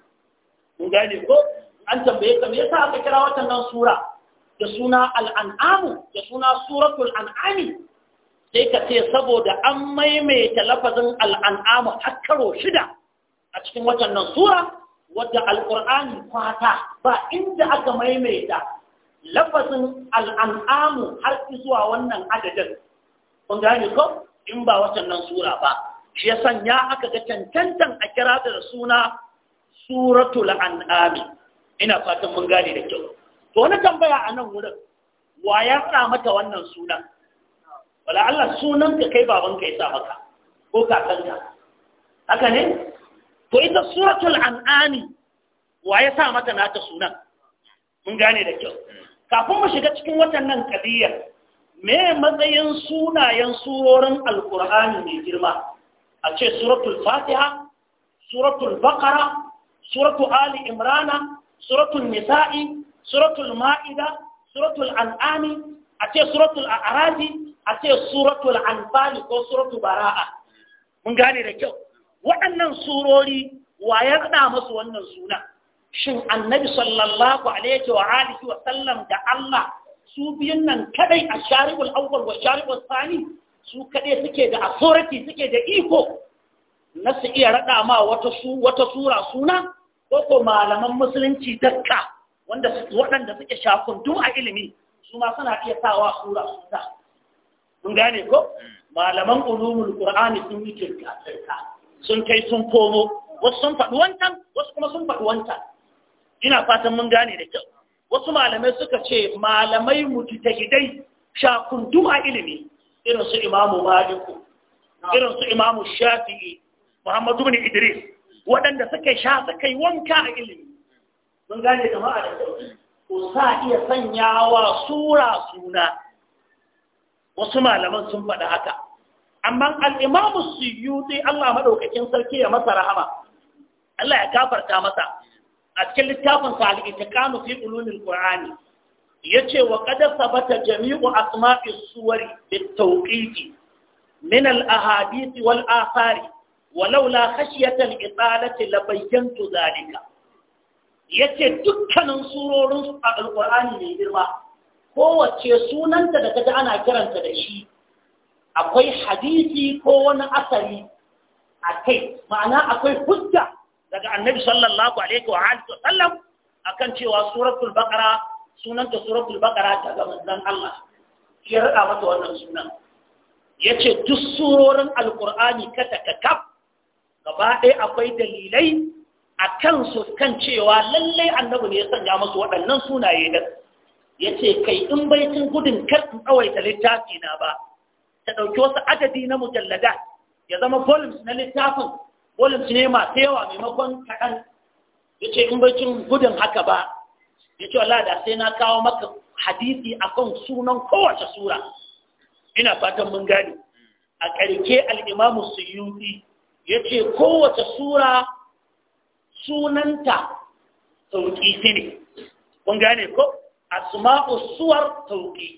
mun gane ko an tambaye ka me yasa aka kira watannan sura da suna al'am da suna suratul al'ami sai ka ce saboda an maimaita lafazin al'am har karo shida a cikin watan nan sura wadda alƙur'ani kwata ba inda aka maimaita lafazin al'an'amu har zuwa wannan adadin kun gane ko in ba watan nan sura ba shi ya sanya aka ga cancantan a kira da suna suratu an'ami ina fatan mun gane da kyau to wani tambaya a nan wurin wa ya sa mata wannan sunan wala Allah sunan ka kai baban ka ya sa maka ko kakanka haka ne to ita suratul an'ami wa ya sa mata nata sunan mun gane da kyau kafin mu shiga cikin watan nan kadiyar me matsayin sunayen surorin alkur'ani mai girma a ce suratul fatiha suratul baqara suratul ali imrana suratul nisa'i suratul ma'ida suratul an'ani, a ce suratul a'raji a ce suratul anfali ko suratul bara'a mun gane da kyau waɗannan surori wa ya rada musu wannan suna shin annabi sallallahu alaihi wa alihi wa sallam da Allah su biyun nan kadai a sharibul awwal wa sharibul thani su kadai suke da authority suke da iko na su iya raɗa ma wata su wata sura suna ko ko malaman musulunci dakka wanda waɗanda suke duk a ilimi su ma suna iya sawa sura suna mun gane ko hmm. malaman ulumul qur'ani sun yi kirka kirka sun kai sun komo wasu sun faɗi wancan wasu kuma sun faɗi wancan ina fatan mun gane da kyau wasu malamai suka ce malamai mujtahidai shakunduma ilimi irin su imamu maliku irin su imamu shafi'i muhammadu bin idris waɗanda suka sha suka yi wanka a ilimi mun gane jama'a da kyau ko sa iya sanyawa sura suna wasu malaman sun faɗi haka amma al'imamu suyuti Allah maɗaukakin sarki ya masa rahama Allah ya kafarta masa a cikin littafin sa al'itikamu fi ulumin Ya yace wa qad bata jami'u asma'i suwari bitawqiti min al-ahadith wal athari walaula khashyatan italati labayyantu zalika yace dukkanin surorin alqur'ani ne girma kowace sunanta da kaga ana kiranta da shi akwai hadisi ko wani asali a kai ma'ana akwai hujja daga annabi sallallahu alaihi wa alihi wasallam akan cewa suratul baqara sunanta suratul baqara daga manzon Allah ya rada mata wannan sunan yace duk surorin alqur'ani kata kakaf gaba ɗaya akwai dalilai a su kan cewa lallai annabi ne ya sanya musu waɗannan sunaye da yace kai in baitin gudun kar in tsawaita littafi na ba ta ɗauki wasu adadi na mujallada ya zama volumes na littafin volumes ne masu yawa maimakon kaɗan ya ce in bacin gudun haka ba ya ce Allah da sai na kawo maka hadisi akan sunan kowace sura ina fatan mun gane a ƙarke al'imamu yi ya ce kowace sura sunanta sauƙi ne kun gane ko asma'u suwar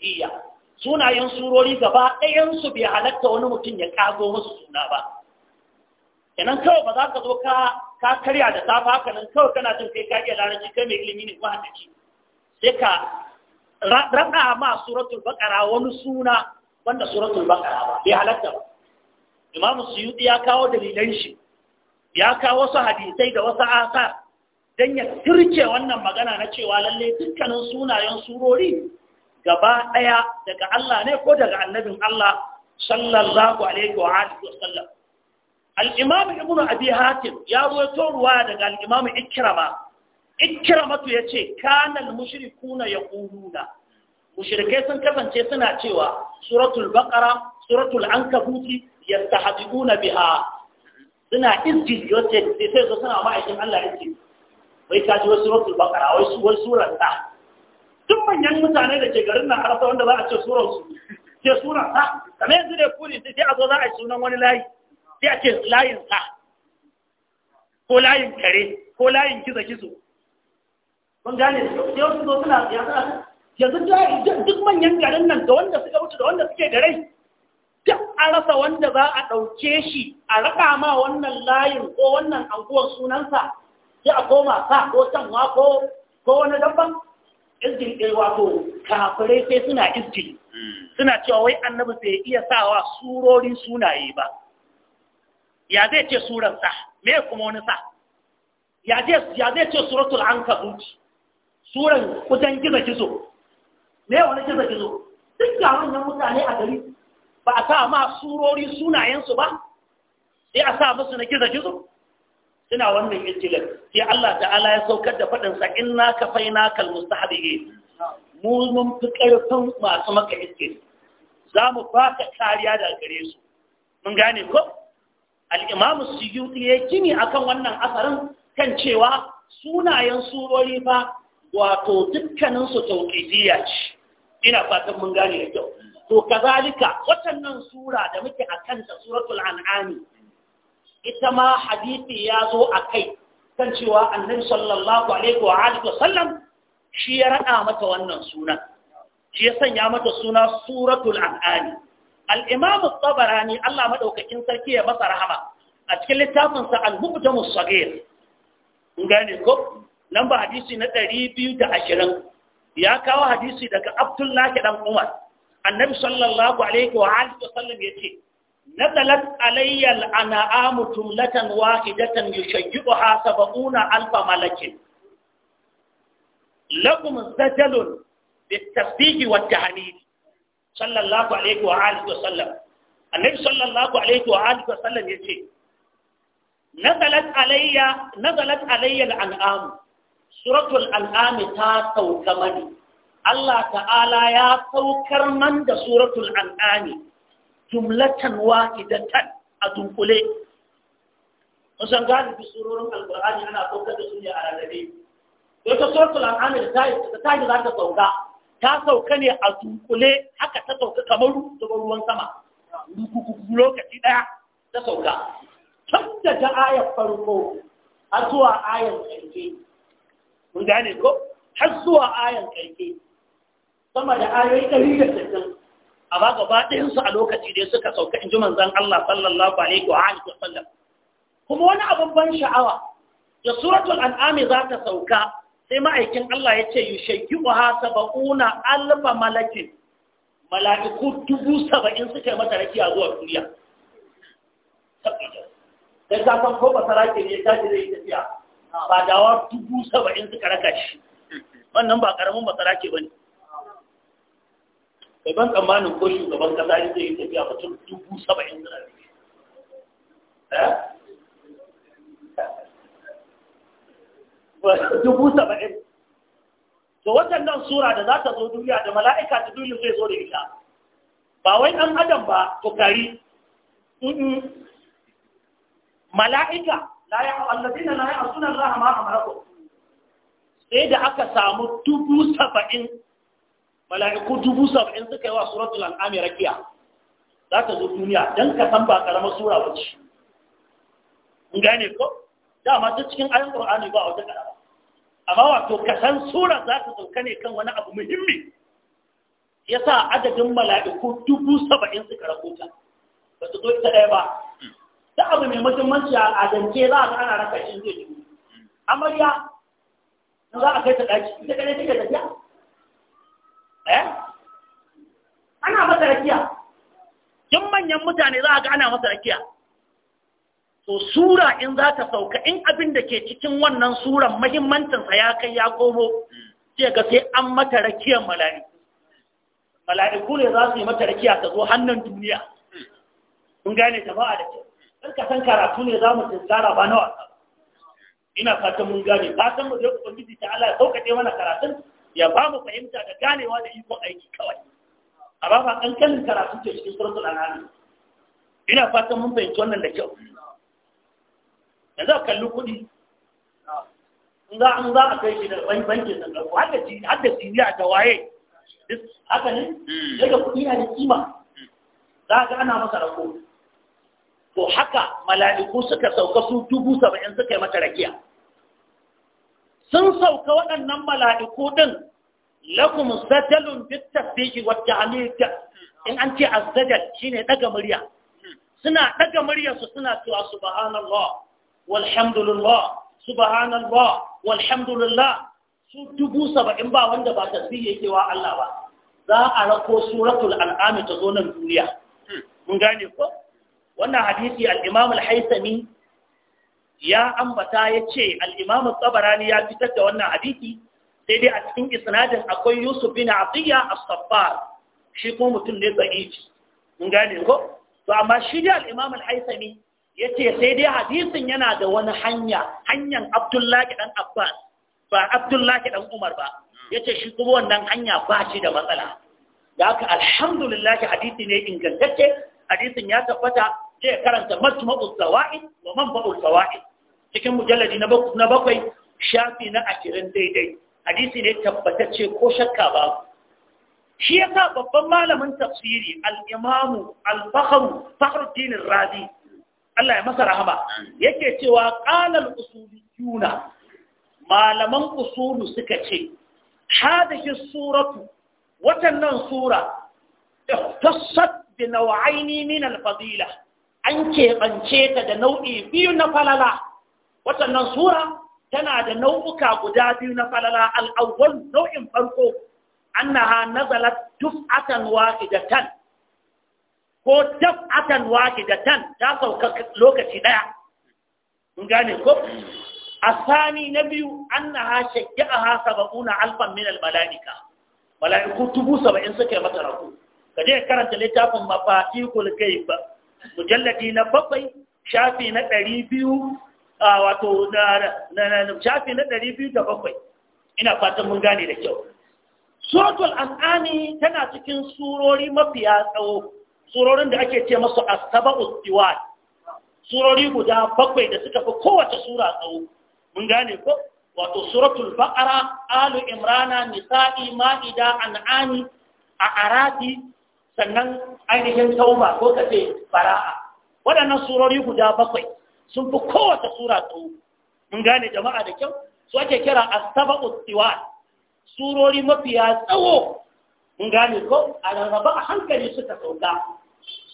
iya sunayen surori gaba ɗayansu bai halatta wani mutum ya kago musu suna ba kenan kawai ba za ka zo ka karya da safa haka nan kawai kana jin kai ka iya laraci kai mai ilimi ne ba haka ci sai ka raɗa ma suratul baqara wani suna wanda suratul baqara ba bai halatta ba imamu suyuti ya kawo dalilan shi ya kawo wasu hadisai da wasu asar dan ya turke wannan magana na cewa lallai dukkanin sunayen surori gaba ɗaya daga Allah ne ko daga annabin Allah sallallahu alaihi wa alihi wa sallam al-imam ibnu abi hatim ya ruwaito ruwa daga al-imam ikrama ikrama to yace kana al-mushrikuna yaquluna mushrikai sun kasance suna cewa suratul baqara suratul ankabuti yastahdiquna biha suna injil yote sai zo suna ma'aikin Allah yake wai kaji wasu suratul baqara wai su wai ta duk manyan mutane da ke garin nan arasa wanda za a ce su ke sunan sa kame yanzu da kuri sai a zo za a yi sunan wani layi sai a ce layin ko layin kare ko layin kiza kizo kun gane da yau wasu zo suna siyasa yanzu duk manyan garin nan da wanda suka wuce da wanda suke da duk a rasa wanda za a ɗauke shi a raka ma wannan layin ko wannan anguwar sunansa sai a koma sa ko canwa ko wani dabban iskin ɗai wato kafirai sai suna iski hmm. suna cewa wai annabi bai iya sawa surorin sunaye ba ya zai ce suran sa me kuma wani sa ya zai ce suratul zuci, suran kusan gizo gizo me wani gizo gizo duk ga wannan mutane a gari ba a sa ma surori sunayensu ba sai a sa musu na gizo gizo suna wannan injilan sai Allah ta'ala ya saukar da faɗinsa inna ka faina kal mustahabihi mu mun fi ƙarfin masu maka iske za mu baka kariya da gare su mun gane ko al-imamu suyuti ya kini akan wannan asarin kan cewa sunayen surori fa wato dukkanin su tauqidiyya ce ina fatan mun gane da kyau to kazalika watannan sura da muke akan ta suratul an'ami ita ma hadisi ya zo a kai kan cewa annabi sallallahu alaihi wa alihi wa sallam shi ya rada mata wannan suna shi ya sanya mata suna suratul an'am al-imam tabarani Allah madaukakin sarki ya masa rahama a cikin littafin sa al-muqtamu sagir ngane ko lamba hadisi na 220 ya kawo hadisi daga Abdullahi dan Umar annabi sallallahu alaihi wa alihi wa sallam yace نزلت علي الأنعام جملة واحدة يشيعها سبعون ألف ملك لكم زجل بالتسبيح والتحميد صلى الله عليه وآله وسلم النبي صلى الله عليه وآله وسلم يقول نزلت علي نزلت علي الأنعام سورة الأنعام تاتو كمني الله تعالى يا توكر من سورة الأنعام jumlatan wahidatan a dunkule musan bi surorin Al-Qur'ani ana saukar da su ne a rarrabe ta suratul an'am da ta da ta za ta sauka ta sauka ne a dunkule haka ta sauka kamar ruwan sama lokaci daya ta sauka tun ta ayar farko har zuwa ayar ƙarfe mun gane ko har zuwa ayar ƙarfe sama da ayoyi ɗari da sittin ba gaba ɗayansu a lokaci dai suka sauka in ji manzan Allah sallallahu alaihi wa alihi wasallam kuma wani abin ban sha'awa da suratul an'ami za ta sauka sai ma'aikin Allah ya ce ha sab'una alfa malakin mala'iku dubu saba'in suka yi mata rakiya zuwa duniya Sai ka san ko ba sarake ne ta ji zai tafiya ba dawa dubu saba'in suka raka shi wannan ba karamin masara ke ne. kai ban tsammanin ko shugaban kasa yi zai yi tafiya mutum dubu saba'in suna biyu eh? dubu saba'in to waɗannan sura da za ta zo duniya da mala'ika ta duniya zai zo da ita ba wai ɗan adam ba kari mala'ika la ya na la ya sunan rahama ko sai da aka samu dubu saba'in mala'iku dubu saba'in suka yi wa suratul al'ami rakiya za ta zo duniya don ka san ba karamar sura ba ce gane ko dama ta cikin ayan qur'ani ba wata karama amma wato ka san sura za ta sauka ne kan wani abu muhimmi yasa adadin mala'iku dubu saba'in suka rahota. ba su zo ita ɗaya ba da abu mai muhimmanci a adance za a ga ana raka shi zai ji amarya za a kai ta ɗaki ita ne take tafiya eh ana masa rakiya yin manyan mutane za a ga ana masa rakiya to sura in za ta sauka in abin da ke cikin wannan suran mahimmancinsa ya kai ya komo sai ga sai an mata rakiyar mala'iku mala'iku ne za su yi mata rakiya ta zo hannun duniya kun gane jama'a da kyau kar ka san karatu ne za mu tsara ba na wasa ina fatan mun gane fatan mu zai ubangiji ta Allah ya sauƙaƙe mana karatun ya ba mu fahimta da ganewa da ikon aiki kawai a ba ba kankanin karatu ce cikin suratul anam ina fatan mun fahimci wannan da kyau yanzu a kalli kuɗi in za in za a kai shi da bankin nan ɗauko haka ji haka jiniya ta waye haka ne daga hmm. kuɗi na da kima za ga ana masa rako to haka mala'iku suka sauka su dubu saba'in suka yi mata rakiya sun sauka waɗannan mala'iku ɗin lakum zajalun bit tasbihi wa ta'lil in an ce shi shine ɗaga murya suna ɗaga muryarsu suna cewa subhanallah walhamdulillah subhanallah walhamdulillah su dubu saba'in ba wanda ba tasbih yake wa Allah ba za a rako suratul al'ami ta zo duniya mun gane ko wannan hadisi al-imam al-haisami ya ambata ya ce al'imamu tsabarani ya fitar da wannan hadithi sai dai a cikin isnadin akwai yusuf bin atiyya a safar shi ko mutum ne za'ici mun gane ko to amma shi dai al'imamu al-haisami ya ce sai dai hadisin yana da wani hanya hanyar abdullahi dan abbas ba abdullahi dan umar ba ya ce shi kuma wannan hanya ba shi da matsala da haka alhamdulillah hadisi ne ingantacce hadisin ya tabbata sai karanta majmu'ul zawaid wa manba'ul fawaid cikin mujalladi na bakwai shafi na ashirin daidai hadisi ne tabbatacce ko shakka ba shi yasa babban malamin tafsiri al-imamu al-fakhr fakhruddin razi Allah ya masa rahama yake cewa ƙalar al-usuliyuna malaman usulu suka ce hadhihi suratu watannan sura ihtassat bi naw'aini min al-fadila an keɓance ta da nau'i biyu na falala watannan sura tana da nau'uka guda biyu na falala al'awwal nau'in farko annaha nazalat da tan, ko da tan ta sauka lokaci ɗaya. mun gane ko asani na biyu annaha shajja'aha sab'una alfan min al-mala'ika mala'iku tubu saba'in suka mata rako kaje karanta littafin mafatihul gaib mujalladi na bakwai shafi na ɗari biyu a wato shafi na ɗari biyu da bakwai ina fatan mun gane da kyau suratul an'ami tana cikin surori mafiya tsawo surorin da ake ce masu asaba ustiwat surori guda bakwai da suka fi kowace sura tsawo mun gane ko wato suratul baqara alu imrana nisa'i ma'ida an'ami a arabi sannan ainihin tauba ko ka ce fara'a waɗannan surori guda bakwai sun fi kowace sura to mun gane jama'a da kyau su ake kira asaba'u ustiwa surori mafiya tsawo mun gane ko a rarraba a hankali suka sauka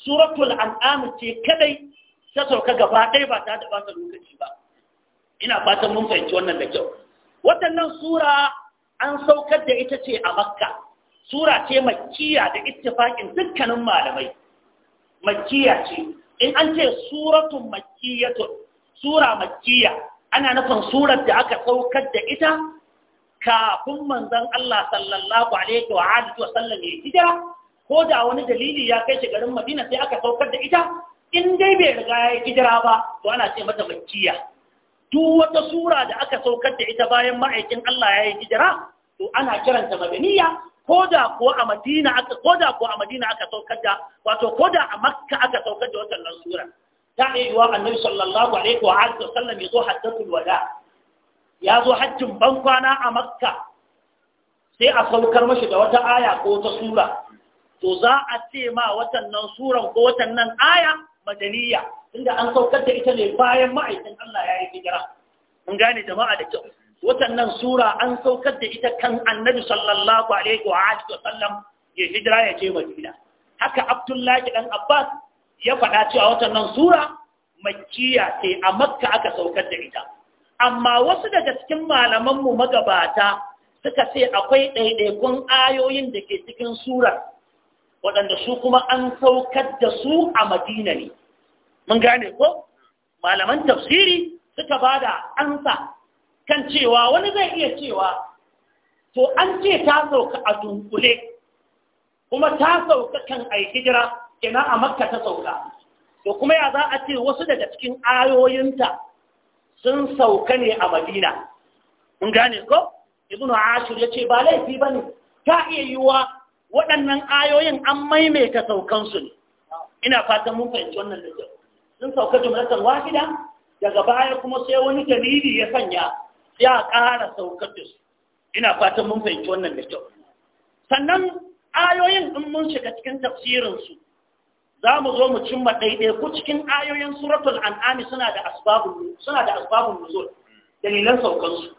suratul an'am ce kadai ta sauka gaba ɗaya ba ta da ba lokaci ba ina fatan mun fahimci wannan da kyau waɗannan sura an saukar da ita ce a makka sura ce makkiya da ittifaqin dukkanin malamai makkiya ce in an ce suratun makkiyatu sura makkiya ana nufin surar da aka saukar da ita kafin manzon Allah sallallahu alaihi wa alihi wa sallam ya ko da wani dalili ya kai shi garin Madina sai aka saukar da ita in dai bai riga ya hijira ba to ana ce mata makkiya duk wata sura da aka saukar da ita bayan ma'aikin Allah ya yi hijira to ana kiranta madaniya Koda kuwa ko a Madina aka koda ko a Madina aka saukar da wato koda a Makka aka saukar da wannan sura ta yi wa Annabi sallallahu alaihi wa alihi sallam ya zo haddathul wada ya zo hajjin ban kwana a Makka sai a saukar mashi da wata aya ko wata sura to za a ce ma watan nan suran ko watan nan aya madaniya inda an saukar da ita ne bayan ma'aikin Allah ya yi hijira mun gane jama'a da kyau nan sura an saukar da ita kan annabi sallallahu alaihi wa alihi wa sallam ya hijira ya je madina haka abdullahi dan abbas ya faɗa cewa watannan sura makkiya ce a makka aka saukar da ita amma wasu daga cikin malaman mu magabata suka ce akwai ɗaiɗaikun ayoyin da ke cikin surar waɗanda su kuma an saukar da su a madina ne mun gane ko malaman tafsiri suka ba da ansa kan cewa wani zai iya cewa to an ce ta sauka a dunkule kuma ta sauka kan a yi hijira ina a makka ta sauka to kuma ya za a ce wasu daga cikin ayoyinta sun sauka ne a madina in gane ko ibn ashir ya ce ba laifi ba ne ta iya yiwuwa waɗannan ayoyin an maimaita saukansu ne ina fatan mun fahimci wannan da sun sauka jumlatan wahida daga baya kuma sai wani dalili ya sanya sai a ƙara saukar da su ina fatan mun fahimci wannan da kyau sannan ayoyin in mun shiga cikin tafsirinsu za mu zo mu cimma ɗaiɗai ku cikin ayoyin suratul an'ami suna da asbabun suna da asbabun dalilan saukansu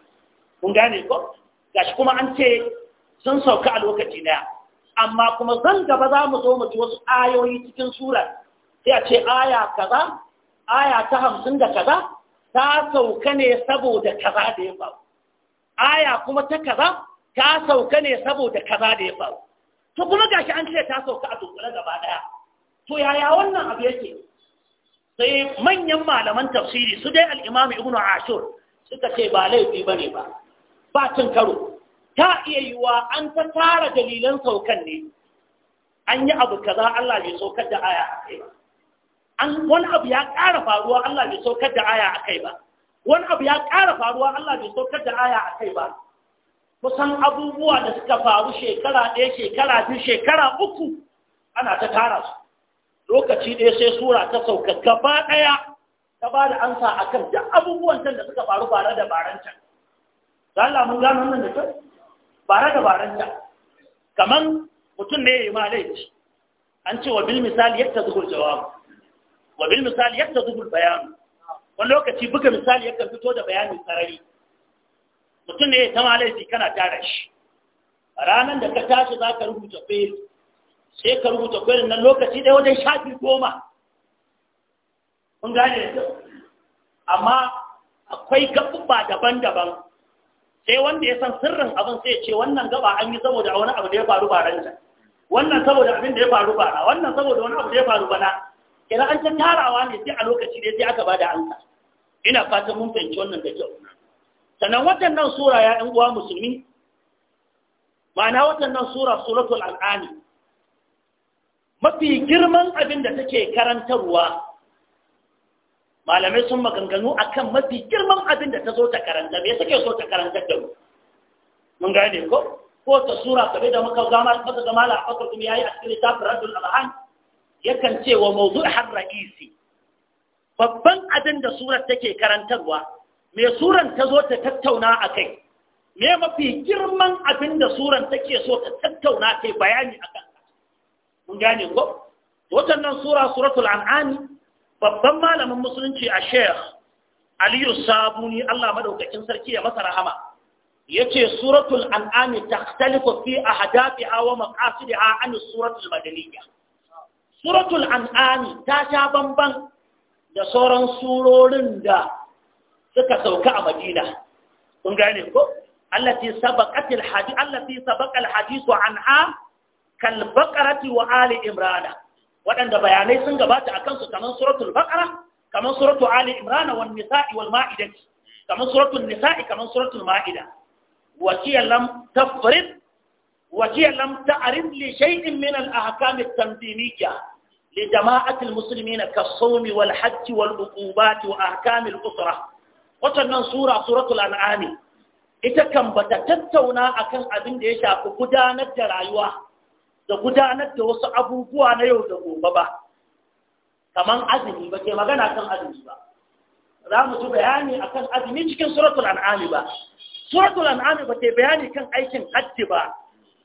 mun gane ko gashi kuma an ce sun sauka a lokaci daya amma kuma zan gaba za mu zo mu ji wasu ayoyi cikin sura sai a ce aya kaza aya ta hamsin da kaza ta sauka ne saboda kaza da ya faru aya kuma ta kaza ta sauka ne saboda kaza da ya faru to kuma gashi an ce ta sauka a dukkule gaba daya to yaya wannan abu yake sai manyan malaman tafsiri su dai al-Imam Ibn Ashur suka ce ba laifi ba ne ba ba cin karo ta iya yiwa an ta tara dalilan saukan ne an yi abu kaza Allah bai saukar da aya a kai wani abu ya ƙara faruwa Allah bai saukar da aya a kai ba wani abu ya ƙara faruwa Allah bai saukar da aya a kai ba kusan abubuwa da suka faru shekara ɗaya shekara biyu shekara uku ana ta tara su lokaci ɗaya sai sura ta sauka gaba ɗaya ta ba da ansa a kan da abubuwan can da suka faru bare da baren can da Allah mun gano nan da kyau bare da baren can kamar mutum ne ya yi ma laifi an ce wa bil misali yadda zuhur jawabu wa bil misali yadda zubul bayan wani lokaci buga misali yadda fito da bayanin sarari mutum ne ya tama laifi kana tara shi ranar da ka tashi za ka rubuta fail sai ka rubuta fail nan lokaci ɗaya wajen shafi goma kun gane da amma akwai gaɓuɓɓa daban-daban sai wanda ya san sirrin abin sai ce wannan gaba an yi saboda wani abu da ya faru ba ranta wannan saboda abin da ya faru ba wannan saboda wani abu da ya faru bana kira an ta tarawa ne sai a lokaci ne sai aka ba da ansa ina fatan mun fahimci wannan da kyau sannan waɗannan sura ya ɗan uwa musulmi ma'ana waɗannan sura suratul al'ani mafi girman abin da take karantarwa malamai sun maganganu akan mafi girman abin da ta zo ta karanta me take so ta karantar da mu mun gane ko ko ta sura kabe da muka gama da mala a fakar kuma yayi a cikin littafin radul al'ani yakan ce wa mawdu' har ra'isi babban abin da surar take karantarwa me surar ta zo ta tattauna a kai me mafi girman abin da surar take so ta tattauna kai bayani a kan mun gane ko sura suratul an'ami babban malamin musulunci a sheikh aliyu sabuni Allah madaukakin sarki ya masa rahama yace suratul an'ami takhtalifu fi ahdafiha wa a an suratul madaniyya suratul an'ani ta sha bamban da sauran surorin da suka sauka a madina kun gane ko allati sabaqatil hadi allati sabaqal hadisu anha kal baqarati wa ali imrana waɗanda bayanai sun gabata akan su kamar suratul baqara kamar suratul ali imrana wan nisa'i wal ma'idati kamar suratul nisa'i kamar suratul ma'ida وهي لم تفرض وهي لم تعرض لشيء من الأحكام التنظيمية لجماعة المسلمين كالصوم والحج والعقوبات وأحكام الأسرة وتنن سورة سورة الأنعام ita kan bata tattauna akan abin da ya shafi gudanar da rayuwa da gudanar da wasu abubuwa na yau da gobe ba kaman azumi ba ke magana kan azumi ba za mu ji bayani akan azumi cikin suratul an'am ba suratul an'am ba ta bayani kan aikin hajji ba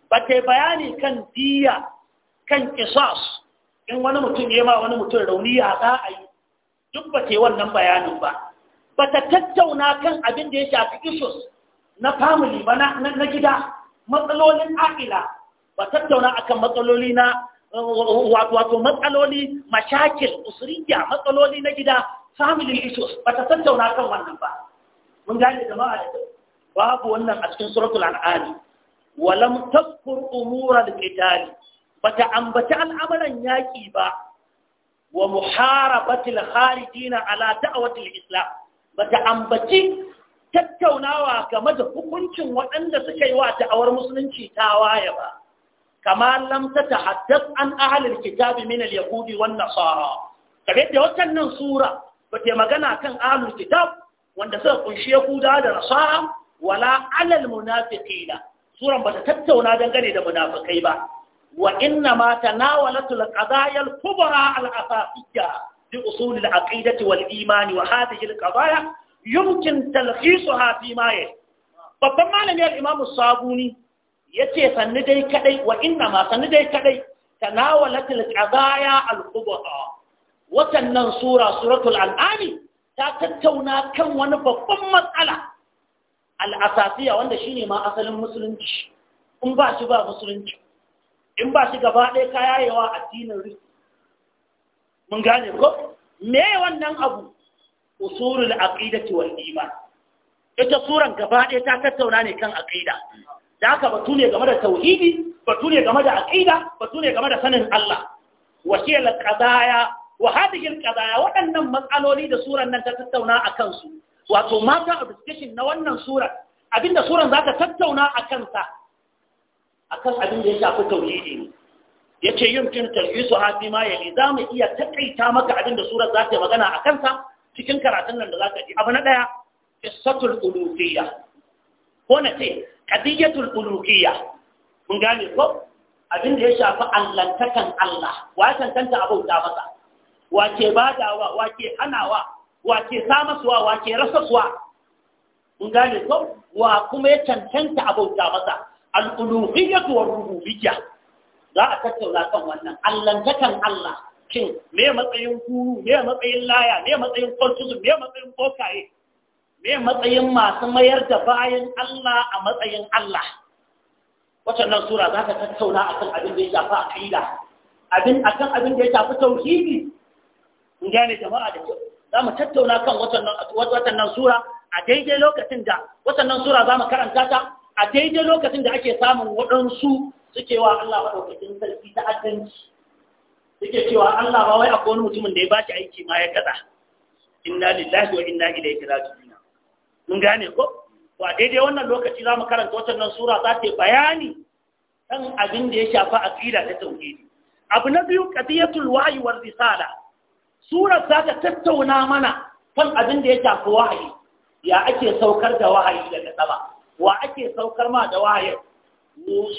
ba bayani kan diya kan qisas in wani mutum ya ma wani mutum rauni ya za a yi duk ba ce wannan bayanin ba ba ta tattauna kan abin da ya shafi issues na family ba na gida matsalolin a'ila. ba tattauna akan matsaloli na wato matsaloli mashakil usuriya matsaloli na gida family issues ba ta tattauna kan wannan ba mun gane jama'a da babu wannan a cikin suratul al'adu. walam tazkur umura al-qitali bata ambaci al'amuran yaƙi ba wa muharabatil kharijina ala da'watil islam bata ambaci tattaunawa game da hukuncin waɗanda suka yi wa da'awar musulunci ta waye ba Kamar lam ta haddas an ahlul kitabi min al-yahudi wan nasara kabe da wannan sura bata magana kan ahlul kitab wanda suka kunshi yahuda da nasara wala alal munafiqina suran bata tattauna dangane da munafikai ba wa inna ma tanawalatu al-qadaya al-kubra al-asasiyya bi usul al-aqidati wal-iman wa hadhihi al-qadaya yumkin talhisuha fi ma babban malami al-imam as-sabuni yace sanni dai kadai wa inna ma sanni dai kadai tanawalatu al sura suratul an'ami ta tattauna kan wani babban matsala al wanda shine ma asalin musulunci in ba shi ba musulunci in ba shi gaba ɗaya ka yayewa addinin riski mun gane ko me wannan abu usulul aqidati wal iman ita suran gaba ɗaya ta tattauna ne kan aqida da haka batu ne game da tauhidi batu ne game da aqida batu ne game da sanin Allah wa shiyal qadaya wa hadhihi al qadaya waɗannan matsaloli da suran nan ta tattauna akan su wato mata a discussion na wannan sura abinda suran za tattauna akan sa akan abin da ya shafi tauhidi ne yace yumkin talbisu hafi ma yali za mu iya takaita maka abin da surar za ta magana a kansa cikin karatun nan da za ka ji abu na daya qissatul ulufiyya ko na ce qadiyatul ulufiyya mun gane ko abin da ya shafi allantakan Allah wa tantanta da masa wa ke badawa wa ke hanawa wa ke samasuwa wa ke rasasuwa mun gane ko wa kuma ya tantanta da masa al'uluhiyyatu war rububiyya za a tattauna kan wannan allantakan Allah shin me matsayin guru me matsayin laya me matsayin kwarcizu me matsayin kokaye me matsayin masu mayar da bayan Allah a matsayin Allah watannan sura za ta tattauna kan abin da ya shafi kaida abin kan abin da ya shafi tauhidi in gane jama'a da kyau za mu tattauna kan watannan sura a daidai lokacin da watannan sura za mu karanta ta a daidai lokacin da ake samun waɗansu suke wa Allah maɗaukakin sarki ta addanci suke cewa Allah ba wai akwai wani mutumin da ya bashi aiki ma ya kaza inna lillahi wa inna ilaihi raji'un mun gane ko Wa a daidai wannan lokaci zamu karanta wannan sura za ta bayani kan abin da ya a aqida ta tauhidi abu na biyu qadiyatul wahyi war risala sura za ta tattauna mana kan abin da ya shafa wahayi ya ake saukar da wahayi daga sama wa ake saukar ma da wayar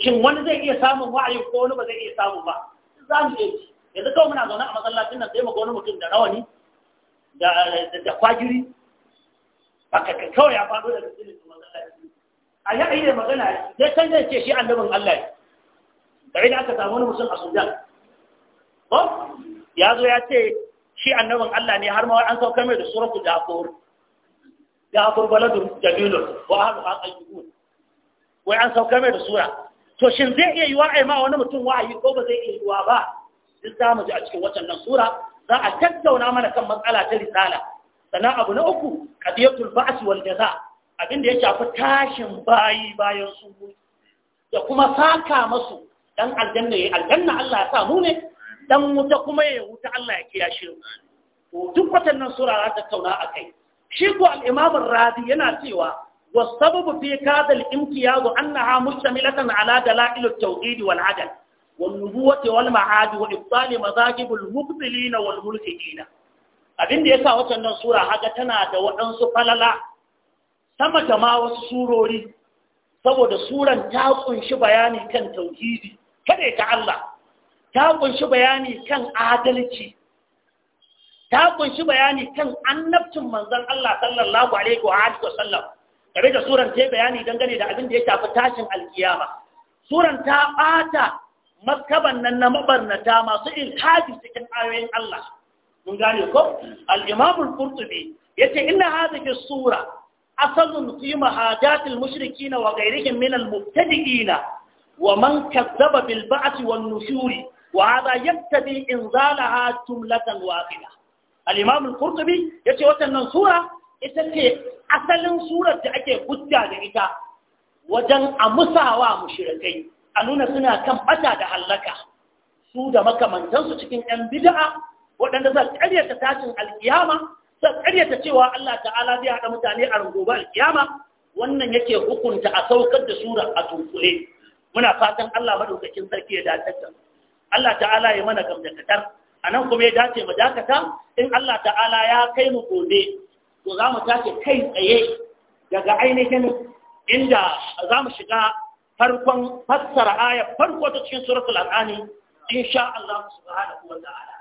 shin wani zai iya samun wahayin ko wani ba zai iya samu ba za mu yanzu kawai muna zaune a masallacin nan sai mu ga wani mutum da rawani da kwajiri, baka ka kawai ya faɗo daga cikin masallaci a ya yi da magana sai can zai ce shi annabin Allah ne da idan aka samu wani mutum a Sudan ko ya zo ya ce shi annabin Allah ne har ma an saukar mai da suratul Jafur ya baladun jamilun wa ahalu ha qayyibun wai an sauka mai da sura to shin zai iya yiwa ai ma wani mutum wa'ayi ko ba zai iya yiwa ba duk za mu ji a cikin waccan sura za a tattauna mana kan matsala ta risala sannan abu na uku qadiyatul ba'si wal jaza abin da ya shafi tashin bayi bayan su da kuma saka masu dan aljanna yi aljanna Allah ya sa mu ne dan wuta kuma ya wuta Allah ya kiyashe mu to duk watannan sura za ta tattauna akai shi ko al-imam razi yana cewa wa sababu fi kadha al-imtiyaz annaha mustamilatan ala dalail at-tawhid wal adl wal nubuwati wal ma'ad wa ibtal mazahib al-mubtilin wal mulhidin abinda yasa wannan sura haga tana da waɗansu falala sama da ma wasu surori saboda suran ta kunshi bayani kan tauhidi kada ta Allah ta kunshi bayani kan adalci ta kunshi bayani kan annabcin manzon Allah sallallahu alaihi wa alihi wasallam game da suran ta bayani dangane da abin da ya shafi tashin alkiyama suran ta bata maskaban nan na mabarnata masu ilhadi cikin ayoyin Allah mun gane ko al-imam al-qurtubi yace inna hadhihi sura asalun fi mahadat al wa ghayrihim min al-mubtadi'in wa man kadzdzaba bil ba'th wan nushuri wa hadha yabtadi inzalaha jumlatan waqila al-imam ya ce yace sura ita ce asalin surar da ake hujja da ita wajen amusawa mushrikai a nuna suna kan bata da hallaka su da makamantansu cikin yan bida'a waɗanda za ƙaryata tashin alkiyama za ƙaryata cewa Allah ta'ala zai haɗa mutane a rungoba alkiyama wannan yake hukunta a saukar da sura a tunkule muna fatan Allah maɗaukakin sarki ya dace da Allah ta'ala ya mana gamdakatar a nan kuma ya dace mu dakata in Allah ta'ala ya kai mu gobe to za mu tashi kai tsaye daga ainihin inda za mu shiga farkon fassara ayar farko ta cikin suratul al'ani insha Allah subhanahu wa ta'ala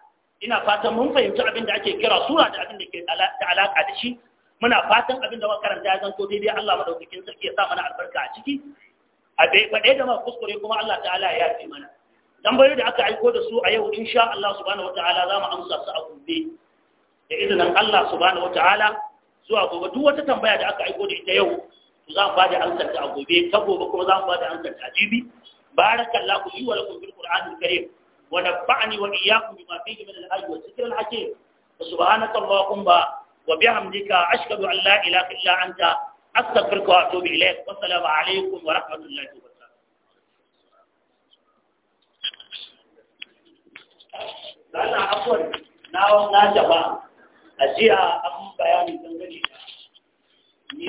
ina fatan mun fahimci abin da ake kira sura da abin da ke da alaka da shi muna fatan abin da makaranta ya zanto daidai Allah madaukakin sarki ya sa mana albarka a ciki a bai faɗe da ma kuskure kuma Allah ta'ala ya yafe mana tambayoyi da aka aiko da su a yau insha Allah subhanahu wataala za mu amsa su a gobe da izinin Allah subhanahu wataala zuwa gobe duk wata tambaya da aka aiko da ita yau za mu bada amsar ta a gobe ta gobe kuma za mu bada amsar ta jibi barakallahu li wa lakum bil qur'anil karim wa nafa'ani wa iyyakum bima fihi min al-ayati wa dhikril hakim subhanaka allahumma wa bihamdika ashhadu an la ilaha illa anta astaghfiruka wa atubu ilayk wa assalamu alaykum wa rahmatullahi da Allah akwai na jaba a jiya an bayani dangane